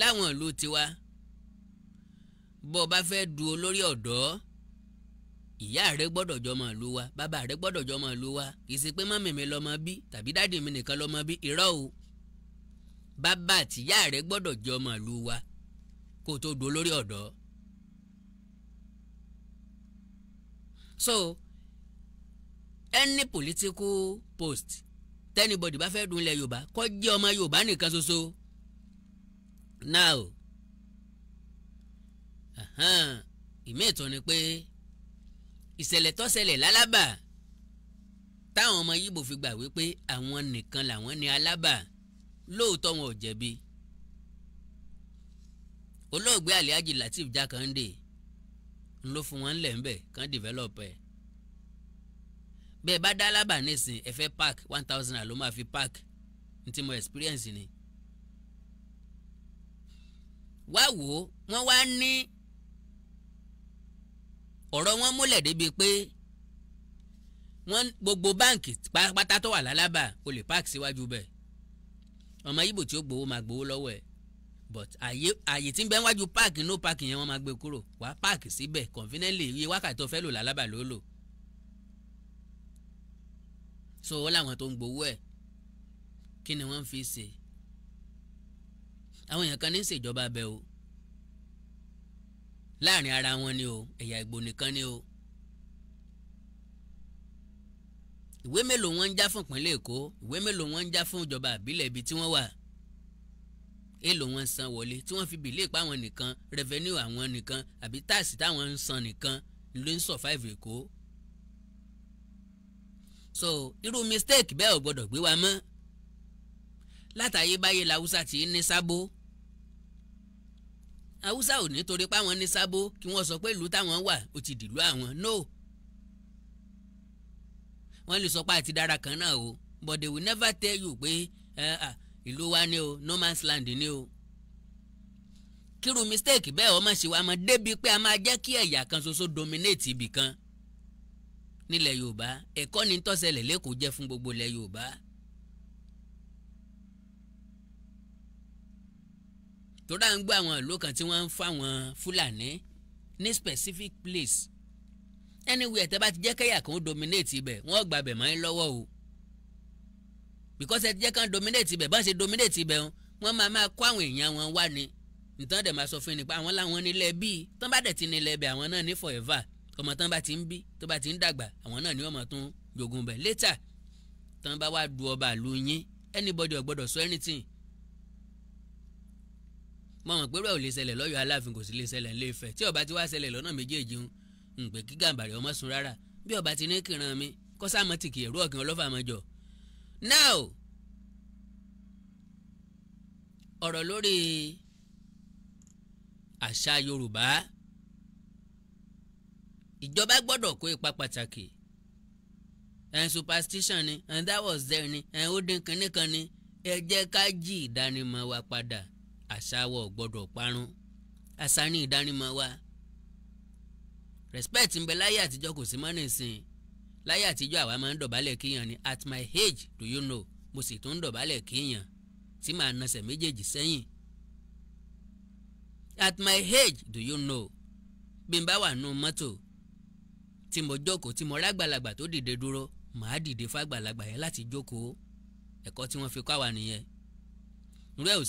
Speaker 2: láwọn ìlú tiwa bó o bá fẹ́ du olórí ọ̀dọ́ ìyá rẹ gbọ́dọ̀ jọmọ ìlú wa bàbá rẹ gbọ́dọ̀ jọmọ ìlú wa kì ṣe pé mọ́mì mi lọ́mọ bí tàbí dáàdì mi nìkan lọ́mọ bí irọ́ o bàbá àtìyá rẹ gbọ́dọ̀ jẹ́ ọmọ ìlú wa kó o tó do lórí ọ̀dọ́. so any political post tẹ́nibọ̀dì bá fẹ́ dun ilẹ̀ yorùbá kó jẹ́ ọmọ yorùbá nìkan ṣoṣo now ìmí ìtàn ni pé ìṣẹ̀lẹ̀ tó ṣẹlẹ̀ lálábà táwọn ọmọ yìbò fi gbà wípé àwọn nìkan làwọn ní alábà. La lóòótọ́ wọn ò jẹ̀bi olóògbé Alhaji Lateef Jákándé ń ló fún wọn ń lẹ̀ ń bẹ̀ kán develop bẹ́ẹ̀ bá dá lábà nísìn ẹ park one thousand ló máa fi park n mo experience ni wá wò ó wọ́n wá ní ọ̀rọ̀ wọn múlẹ̀ débi pé wọ́n gbogbo báǹkì pátá tó wà lálábà o park síwájú bẹ́ẹ̀ ọmọ ibo tí ó gbowó máa gbowó lọ́wọ́ ẹ̀ but àyè àyè tí ń bẹ wájú páàkì no páàkì yẹn wọ́n máa gbé kúrò wá páàkì síbẹ̀ conveniently iye wákàtí tó fẹ́ lò lálábà ló lò so ó láwọn tó ń gbowó ẹ̀ kí ni wọ́n fi ṣe àwọn èèyàn kan ní ṣèjọba abẹ o láàrin ara wọn ni o ẹ̀yà Ìgbò nìkan ni o. ìwé mélòó wọ́n ń já fún ìpínlẹ̀ Èkó ìwé mélòó wọ́n ń já fún ìjọba àbílẹ̀ ibi tí wọ́n wà èlò wọn san wọlé tí wọ́n fi bìlẹ̀ pa àwọn nìkan revenue àwọn nìkan àbí táàsì táwọn ń san nìkan ló ń survive Èkó so irú mistake bẹ́ẹ̀ ò gbọ́dọ̀ gbé wa mọ́ látàyébáyé làwùsá ti ní sábó haúsá ò ní torí páwọn ní sábó kí wọ́n sọ pé ìlú táwọn wà ó ti dìlú àwọn no wọ́n lè sọ pé àti dára kan náà o but they will never tell you pé ìlú wa ni o no man's land ni o kírun mistake bẹ́ẹ̀ ọmọ ṣe wa mọ̀ débi pé a máa jẹ́ kí ẹ̀yà kan ṣoṣo dominate ibì kan nílẹ̀ yorùbá ẹ̀kọ́ ni tó ṣẹlẹ̀ lẹ́kọ̀ọ́ jẹ́ fún gbogbo ilẹ̀ yorùbá. tó dáa ń gbọ́ àwọn ìlú kan tí wọ́n ń fáwọn fúlàní ní specific place anywhere tẹ́ bá ti jẹ́ kẹ́yà kan dominate ibẹ̀ wọ́n gbà bẹ̀ mọ́ ẹ lọ́wọ́ o because ẹ ti jẹ́ kan dominate ibẹ̀ bá ṣe dominate ibẹ̀ wọ́n máa máa kó àwọn èèyàn wọn wá ni nǹkan dẹ̀ máa sọ fún yín nípa àwọn làwọn nílẹ̀ bíi tán bá dẹ̀ ti nílẹ̀ bẹ̀ àwọn náà ní forever ọmọ tán bá ti ń bí tó bá ti ń dàgbà àwọn náà ni wọ́n máa tún jogun bẹ̀ later tán bá wá du ọba ìlú yín anybody ò gbọ́dọ̀ sọ anything mo mọ̀ pé rẹ̀ ò lè ṣẹlẹ̀ lọ́yọ̀ aláàfin kò sì lè ṣẹlẹ̀ ńlẹ̀ Ifẹ̀ tí ó ti wá ṣẹlẹ̀ lọ́nà méjèèjì ń ǹpẹ́ kí Gàmbàrí ọmọ sùn rárá bí ọba ti ní kìran mi kọ́ sáà mọ́ tìkì ẹ̀rú ọ̀gán ọlọ́fà mọ́ jọ. now ọ̀rọ̀ lórí àṣà Yorùbá ìjọba gbọ́dọ̀ kó ipa pàtàkì ẹn superstition ni ẹn that was there ni ẹn ó dín kínní kan ni ẹ jẹ́ ká jí ìdánimọ̀ wa padà àṣà wa gbọ́dọ̀ parun àṣà ni ìdánimọ̀ wa respect ń bẹ láyé àtijọ́ kò sí mọ́ nísìn láyé àtijọ́ àwa máa ń dọ̀bálẹ̀ kíyàn ni at my age do you know mo sì tún ń dọ̀bálẹ̀ kíyàn tí màá nasẹ̀ méjèèjì sẹ́yìn at my age do you know bí n bá wà nù mọ́tò tí mo jókòó tí mo rágbàlagbà tó dìde dúró màá dìde fàgbàlagbà yẹn láti jókòó ẹ̀kọ́ tí wọ́n fi kọ́ àwa nìyẹn irú ẹ̀ ò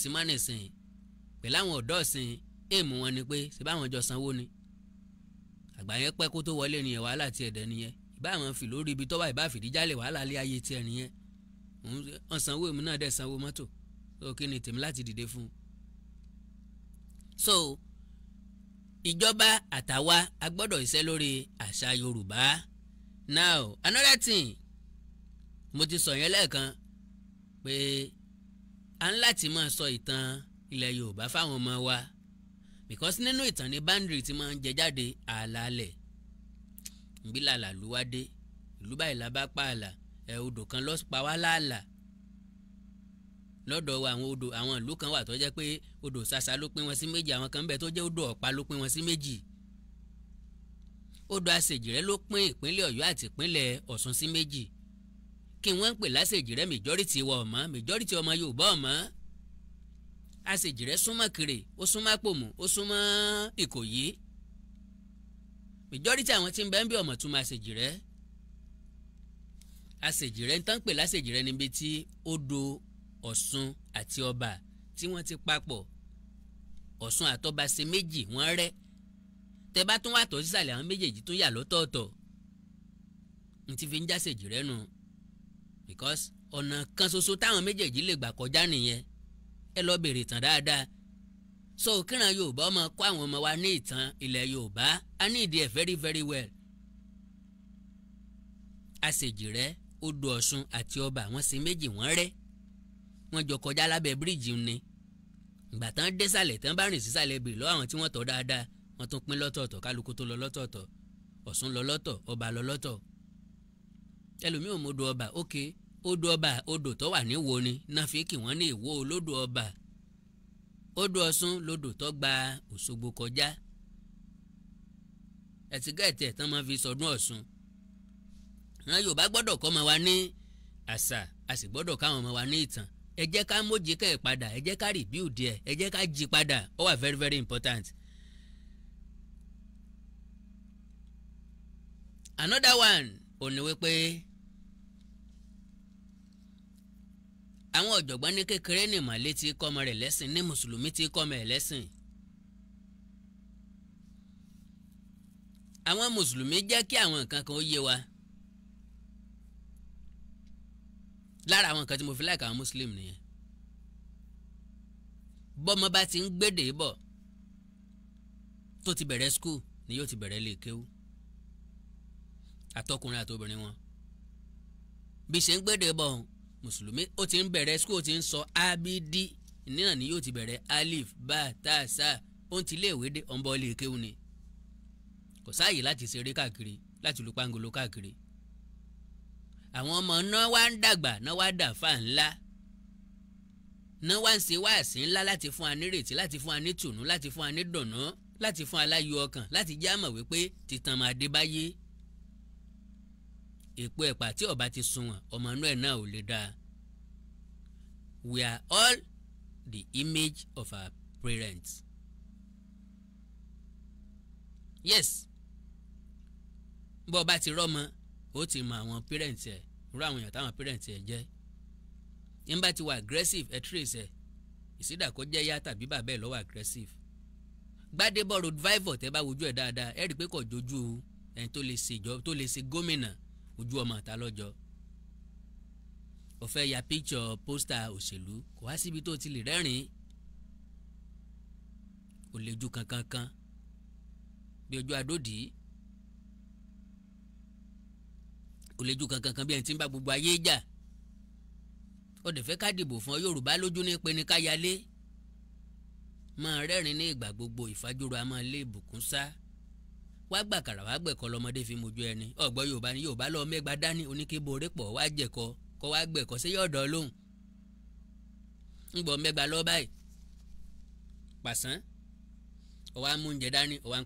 Speaker 2: pẹ̀lú àwọn ọ̀dọ́ ọ̀sìn èèmù wọn ni pé ṣe báwọn jọ sanwó ni àgbáyé pẹ́ kó tó wọlé nìyẹn wàhálà ti ẹ̀dẹ̀ nìyẹn ìbá àwọn fi lórí ibi tọ́wọ́ ìbá fìdíjálẹ̀ wàhálà lé ayé tiẹ̀ nìyẹn wọ́n sanwó èmi náà dẹ̀ sanwó mọ́tò ó kí ni tèmi láti dìde fún un. so ìjọba àtàwa a gbọ́dọ̀ iṣẹ́ lórí àṣà Yorùbá now another thing mo ti sọ yẹn lẹ́ẹ̀kan pé a ń láti máa sọ ìtàn ilẹ̀ Yorùbá fáwọn ọmọ wa. So, because nínú ìtàn ni boundary ti máa ń jẹ jáde àlàálẹ̀ nbílàlà ló wá dé ìlú báyìí la bá pààlà ẹ odò kan lọ pa wá láàlà lọ́dọ̀ wa àwọn odò àwọn ìlú kan wà tó jẹ́ pé odò sasa ló pín wọn sí méjì àwọn kan bẹ̀ tó jẹ́ odò ọ̀pá ló pín wọn sí méjì odò àṣejìrẹ́ ló pín ìpínlẹ̀ ọ̀yọ́ àti ìpínlẹ̀ ọ̀ṣun sí méjì kí wọ́n ń pè láṣejìrẹ́ majority wa ọ̀mọ́ majority ọmọ yorùbá ọ̀mọ́ àṣejì rẹ̀ súnmọ́ kiri ó súnmọ́ pòmù ó súnmọ́ ìkòyí majority àwọn tí ń bẹ ń bí ọmọ tún máa ṣèjì rẹ̀ àṣejì rẹ̀ ń tán pè láṣejì rẹ̀ níbi tí odò ọ̀ṣun àti ọba tí wọ́n ti papọ̀ ọ̀ṣun àtọba ṣe méjì wọ́n rẹ́ tẹ bá tún wà tọ́ sísàlẹ̀ àwọn méjèèjì tún yà lọ́tọ̀ọ̀tọ̀ n ti fi ń jáṣejì rẹ̀ nù because ọ̀nà kan ṣoṣo táwọn méjèèjì lè gbà kọjá nìyẹn ẹ lọ bèrè tán dáadáa so kíran yorùbá ọmọ kọ́ àwọn ọmọ wa ní ìtàn ilẹ̀ yorùbá a ní ìdí ẹ̀ very very well àṣejìrẹ́ odò ọ̀ṣun àti ọba wọ́n ṣe méjì wọ́n rẹ́ wọ́n jọ kọjá lábẹ́ bíríìjì ni ìgbà tán dé sàlẹ̀ tán bá rìn sísàlẹ̀ bìrì lọ́wọ́ àwọn tí wọ́n tọ́ dáadáa wọ́n tún pín lọ́tọ̀ọ̀tọ̀ kálukú tó lọ lọ́tọ̀ọ̀tọ̀ ọ̀ṣun lọ lọ́tọ̀ ọba lọ lọ́tọ̀ ẹlòmíì ò mọ̀ odò ọba ókè okay odò ọba odò tó wà níwò ni náà fi kì ní ìwó olódò ọba odò ọ̀ṣun lodò tó gba òṣogbo kọjá ẹ̀tìgẹ́ẹ̀tì ẹ tán máa fi sọdún ọ̀ṣun àwọn yorùbá gbọdọ kọ ọmọ wa ní àṣà a sì gbọdọ káwọn ọmọ wa ní ìtàn ẹ jẹ́ ká mójì kẹ́ ẹ̀ padà ẹ jẹ́ ká rìbíù díẹ̀ ẹ jẹ́ ká jí padà ó wà very very important. another one ò ní wípé. àwọn ọ̀jọ̀gbọ́n ní kékeré ní ìmọ̀lẹ́ ti kọ́mọ rẹ̀ lẹ́sìn ní mùsùlùmí ti kọ́mọ ẹ̀ lẹ́sìn. àwọn mùsùlùmí jẹ́ kí àwọn nǹkan kan ó yé wa lára àwọn nǹkan tí mo fi láìka àwọn muslim nìyẹn bọ́mọ bá ti ń gbédè bọ̀ tó ti bẹ̀rẹ̀ skul ni yóò ti bẹ̀rẹ̀ lè kéwú àtọkùnrin àtobìnrin wọn bí ṣe ń gbédè bọ̀ mùsùlùmí ó ti ń bẹ̀rẹ̀ skul ti ń sọ abidi nínà ni yóò ti bẹ̀rẹ̀ alif ba ta sa ó ń ti iléèwé dé ọ̀nbọ̀ ilé kéwù ni kò sáàyè láti ṣeré káàkiri láti lu pangolo káàkiri àwọn ọmọ náà wá ń dàgbà náà wá dà fà ńlá náà wá ń ṣe wáàsí ńlá láti fún wa nírètí láti fún wa nítùnú láti fún wa nídùnnú láti fún wa ọkàn láti já wípé títàn máa dé báyé èpo ẹ̀pà tí ọba ti sunwọ̀n ọmọ inú ẹ̀ náà ò lè dáa. we are all the image of our parents. yes bọ́ ọba ti rọ́mọ ó ti mọ àwọn parents ẹ̀ irú àwọn èèyàn táwọn parents ẹ̀ jẹ́ nígbà tí wà aggressive ẹ̀ trace ẹ̀ ìsídàkọ́ jẹ́ yá tàbí bàbá ẹ̀ lọ́wọ́ aggressive Gbádébọ̀ road vival tẹ́ bá wojú ẹ̀ dáadáa ẹ̀ rí i pé kò jojú ẹni tó lè ṣe gómìnà ojú ọmọ ta lọ́jọ́ ó ya píkṣọ pósítà òṣèlú kò wá síbi tó ti lè rẹ́rìn-ín kò lè ju kankan kan bí ojú adódì kò lè ju kankan kan bí ẹni tí ń bá gbogbo ayé jà ó dẹ̀ fẹ́ ká dìbò fún Yorùbá lójú ní pinni ká yálé máa rẹ́rìn ní ìgbà gbogbo ìfajúro a lé ìbùkún sá. wá gbàkàrà wá gbẹ̀kọ lọmọdé fi mojú ẹni ọ̀gbọ́n yorùbá ni yorùbá lọ mẹ́gba dání oníkébore pọ̀ wá jẹ̀kọ kọ́ wá gbẹ̀kọ sí yọ̀dọ̀ lóhùn ń gbọ́ mẹ́gbà lọ báyìí pàṣán ọ̀wá mú oúnjẹ dání ọ̀wá ń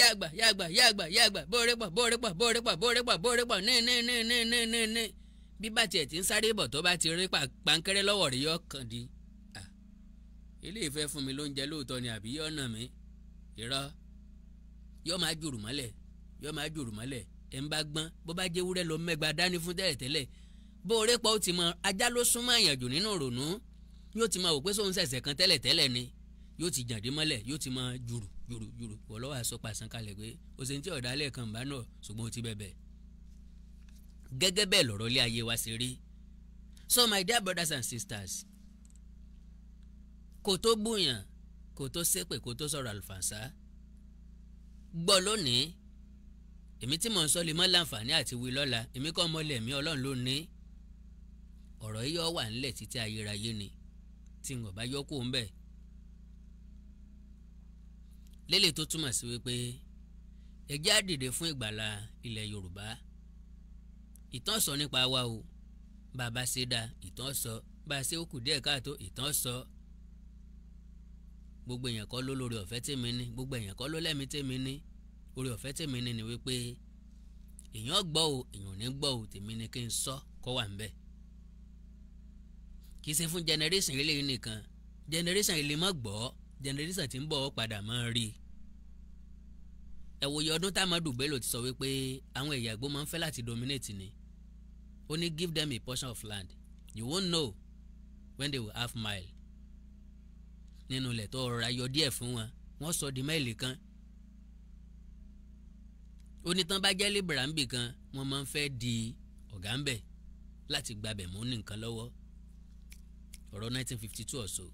Speaker 2: yàgbà yàgbà yàgbà yàgbà bóore pọ̀ bóore pọ̀ bóore pọ̀ bóore pọ̀ bóore pọ̀ ní ní ní ní ní ní ní bí bá tiẹ̀ yóò máa jòrò mọ́lẹ̀ yóò máa jòrò mọ́lẹ̀ ẹ̀ ń bá gbọ́n bó bá jẹ́ wúrẹ́ lọ mẹ́gbàá dání fún tẹ́lẹ̀tẹ́lẹ̀ bó o rẹ́pọ̀ ó ti mọ ajá ló súnmọ́ àyànjò nínú ìrònú yóò ti mọ òpé sóun ṣẹ̀ṣẹ̀ kan tẹ́lẹ̀tẹ́lẹ̀ ni yóò ti jàǹdí mọ́lẹ̀ yóò ti mọ jùrù jùrù jùrù wọ́lọ́wọ́ àsopà sankalẹ̀ pé o ṣe ń tí ọ̀dà alẹ́ kan bá náà ṣùgbọ́n o ti bẹ̀bẹ̀. gẹ́gẹ́ bẹ́ẹ̀ lọ̀rọ̀ lé ayé wa ṣe rí so my dear brothers and sisters kò tó gbùyàn kò tó ṣépè kò tó sọ̀rọ̀ àlùfànṣá gbọ́ lónìí èmi tí mò ń sọ lè mọ́ láǹfààní àti wí lọ́la èmi kọ́ ọmọ lẹ̀mí ọlọ́run ló ní ọ̀rọ̀ yíyọ wà ńlẹ̀ títí ayérayé ni tí n ò bá yọ kó ń bẹ̀. lélẹ̀ tó túmọ̀ sí wípé ẹ á dìde fún ìgbàlà ilẹ̀ Yorùbá ìtàn sọ nípa wa o bàbá ṣe dá ìtàn sọ bá ṣe ó kù díẹ̀ káàtó ìtàn sọ gbogbo èèyàn kọ́ ló lórí ọ̀fẹ́ tèmi ní gbogbo èèyàn kọ́ ló lẹ́mi tèmi ní orí ọ̀fẹ́ tèmi ní ni wípé èèyàn gbọ́ o èèyàn ò ní gbọ́ o tèmi ni kí n sọ kó wà ń kì í ṣe fún generation eléyìí nìkan generation ilé mọ́ gbọ́ generation tí ń bọ̀ padà mọ́ rí i. ẹ wòye ọdún támọ́dù Bello ti sọ wípé àwọn ẹ̀yà Ìgbò máa ń fẹ́ láti dominate ni ó ní give them a portion of land you won't know when they will half mile nínú ilẹ̀ tó rọra yọ díẹ̀ fún wọn wọ́n sọ di máìlì kan onítàn bá jẹ́ libra ń bì kan wọ́n máa ń fẹ́ di ọ̀gá ń bẹ̀ láti gbabẹ̀ mú nìkan lọ́wọ́ ọ̀rọ̀ 1952 ọ̀sọ̀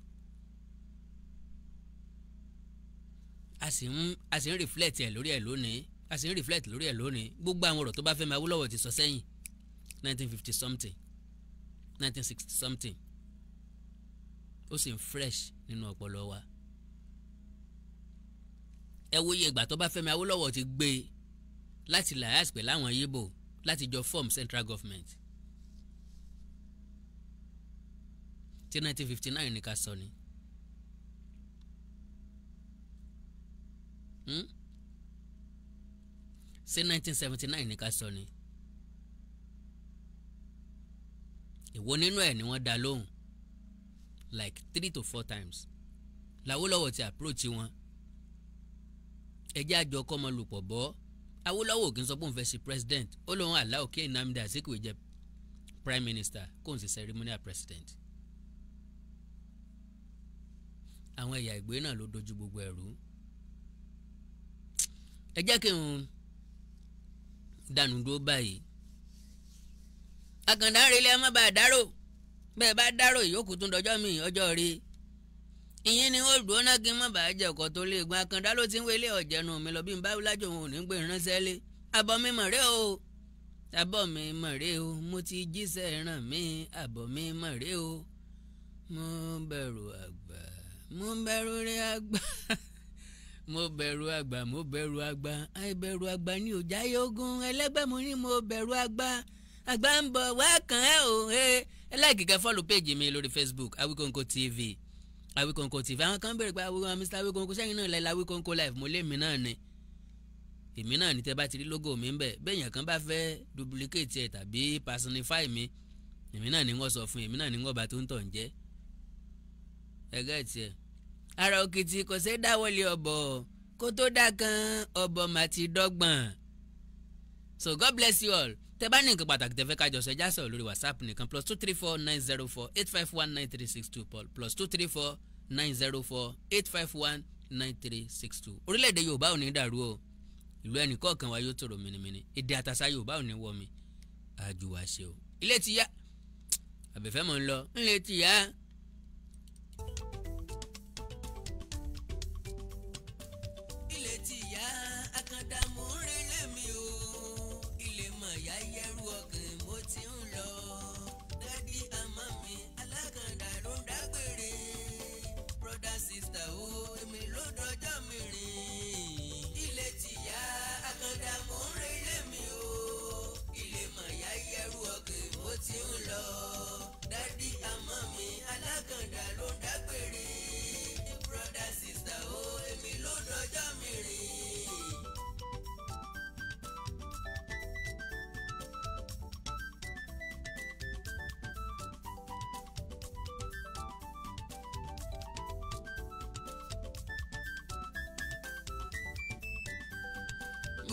Speaker 2: a sì ń a reflect ẹ̀ lórí ẹ̀ lónìí a sì ń reflect lórí ẹ̀ lónìí gbogbo àwọn ọ̀rọ̀ tó bá fẹ́ máa wúlọ́wọ́ ti sọ sẹ́yìn 1950 something 1960 something ó sì ń fresh nínú ọpọlọ wa ẹ wo iye ìgbà tó bá Fẹ́mi Awólọ́wọ̀ ti gbé e láti làyàs pẹ̀lú àwọn yíbò láti jọ form central government tí 1959 ní ká sọ ni. Hmm? 1979 ní ká sọ ni. èwo nínú ẹ̀ ni wọ́n dá lóhùn like three to four times làwòlọ́wọ̀ ti approach wọn ẹjẹ́ àjọ kọ́mọlùpọ̀ bọ́ Awólọ́wọ̀ kì í sọ pé òun fẹ́ ṣe president ó lóun aláwọ̀ kí Nnamdi Azikiwe jẹ prime minister kóun sì ceremonial president àwọn ẹ̀yà ìgbé náà ló dojú gbogbo ẹ̀rú ẹ jẹ́ kí n dànù dúró báyìí àkàndá ń relé ẹ má bàa dárò. bẹ́ẹ̀ bá dárò ìyókù tún dọjọ́ mi ọjọ́ rí ìyín ni ó dùn náà ná kí n mọ̀ bá jẹ́ tó lé egun akanda ló ti ń wélé ọ̀jẹ̀nu mi lọ bí n bá lájò òun ò ní gbé ránṣẹ́ lé mi mọ̀ rẹ́ o àbọ̀ mi mọ̀ rẹ́ o mo ti jíṣẹ́ ràn mí àbọ̀ mi mọ̀ rẹ́ o mo bẹ̀rù àgbà mo bẹ̀rù rẹ̀ mo bẹ̀rù àgbà mo bẹ̀rù àgbà àìbẹ̀rù àgbà ni òjá yóò
Speaker 1: gun mo mo bẹ̀rù àgbà àgbà ń bọ̀
Speaker 2: ẹ láìkì kẹ́ page péèjì mi lórí Facebook Awikonko TV Awikonko TV àwọn kan béèrè pé àwọn Mr Awikonko sẹ́yìn náà lẹ́la Awikonko live mo lé mi náà ni èmi náà ní tẹ́ bá ti rí logo mi ń bẹ̀ bẹ́ẹ̀yàn kan bá fẹ́ duplicate ẹ̀ tàbí personify mi èmi náà ní wọ́n sọ fún èmi náà ní wọ́n bá tó ń tàn jẹ́ ẹ gẹ́ẹ̀tì ẹ̀ ara òkìtì kò ṣeé dáwọ́lé ọ̀bọ̀ kó tó dá kan ọ̀bọ̀ màtí dọ́gbọ̀n So God bless you all tẹ́ bá ní nǹkan pàtàkì tẹ́ fẹ́ ká jọ ẹjá sọ̀rọ̀ lórí whatsapp nìkan plus two three four nine zero four eight five one nine three six two plus two three four nine zero four eight five one nine three six two orílẹ̀-èdè yorùbá ò ní dàrú o ìlú ẹnì kọ̀ọ̀kan wa yóò tòrò mìnìmìnì èdè àtàsá yorùbá ò ní wọ̀ mi àjùwàṣe o ilé ti yá àbẹ̀fẹ́ mọ̀ ń lọ ńlẹ̀ ti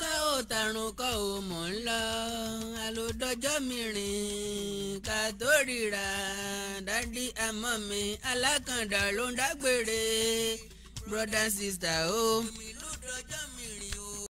Speaker 1: kọ́ ò tàrùn kọ́ ò mọ̀ ń lọ àlòdọ́jọ́ mi rìn ká tó ríra dádì àmọ́ mi alákàndá ló ń dágbére brother sister o. Oh.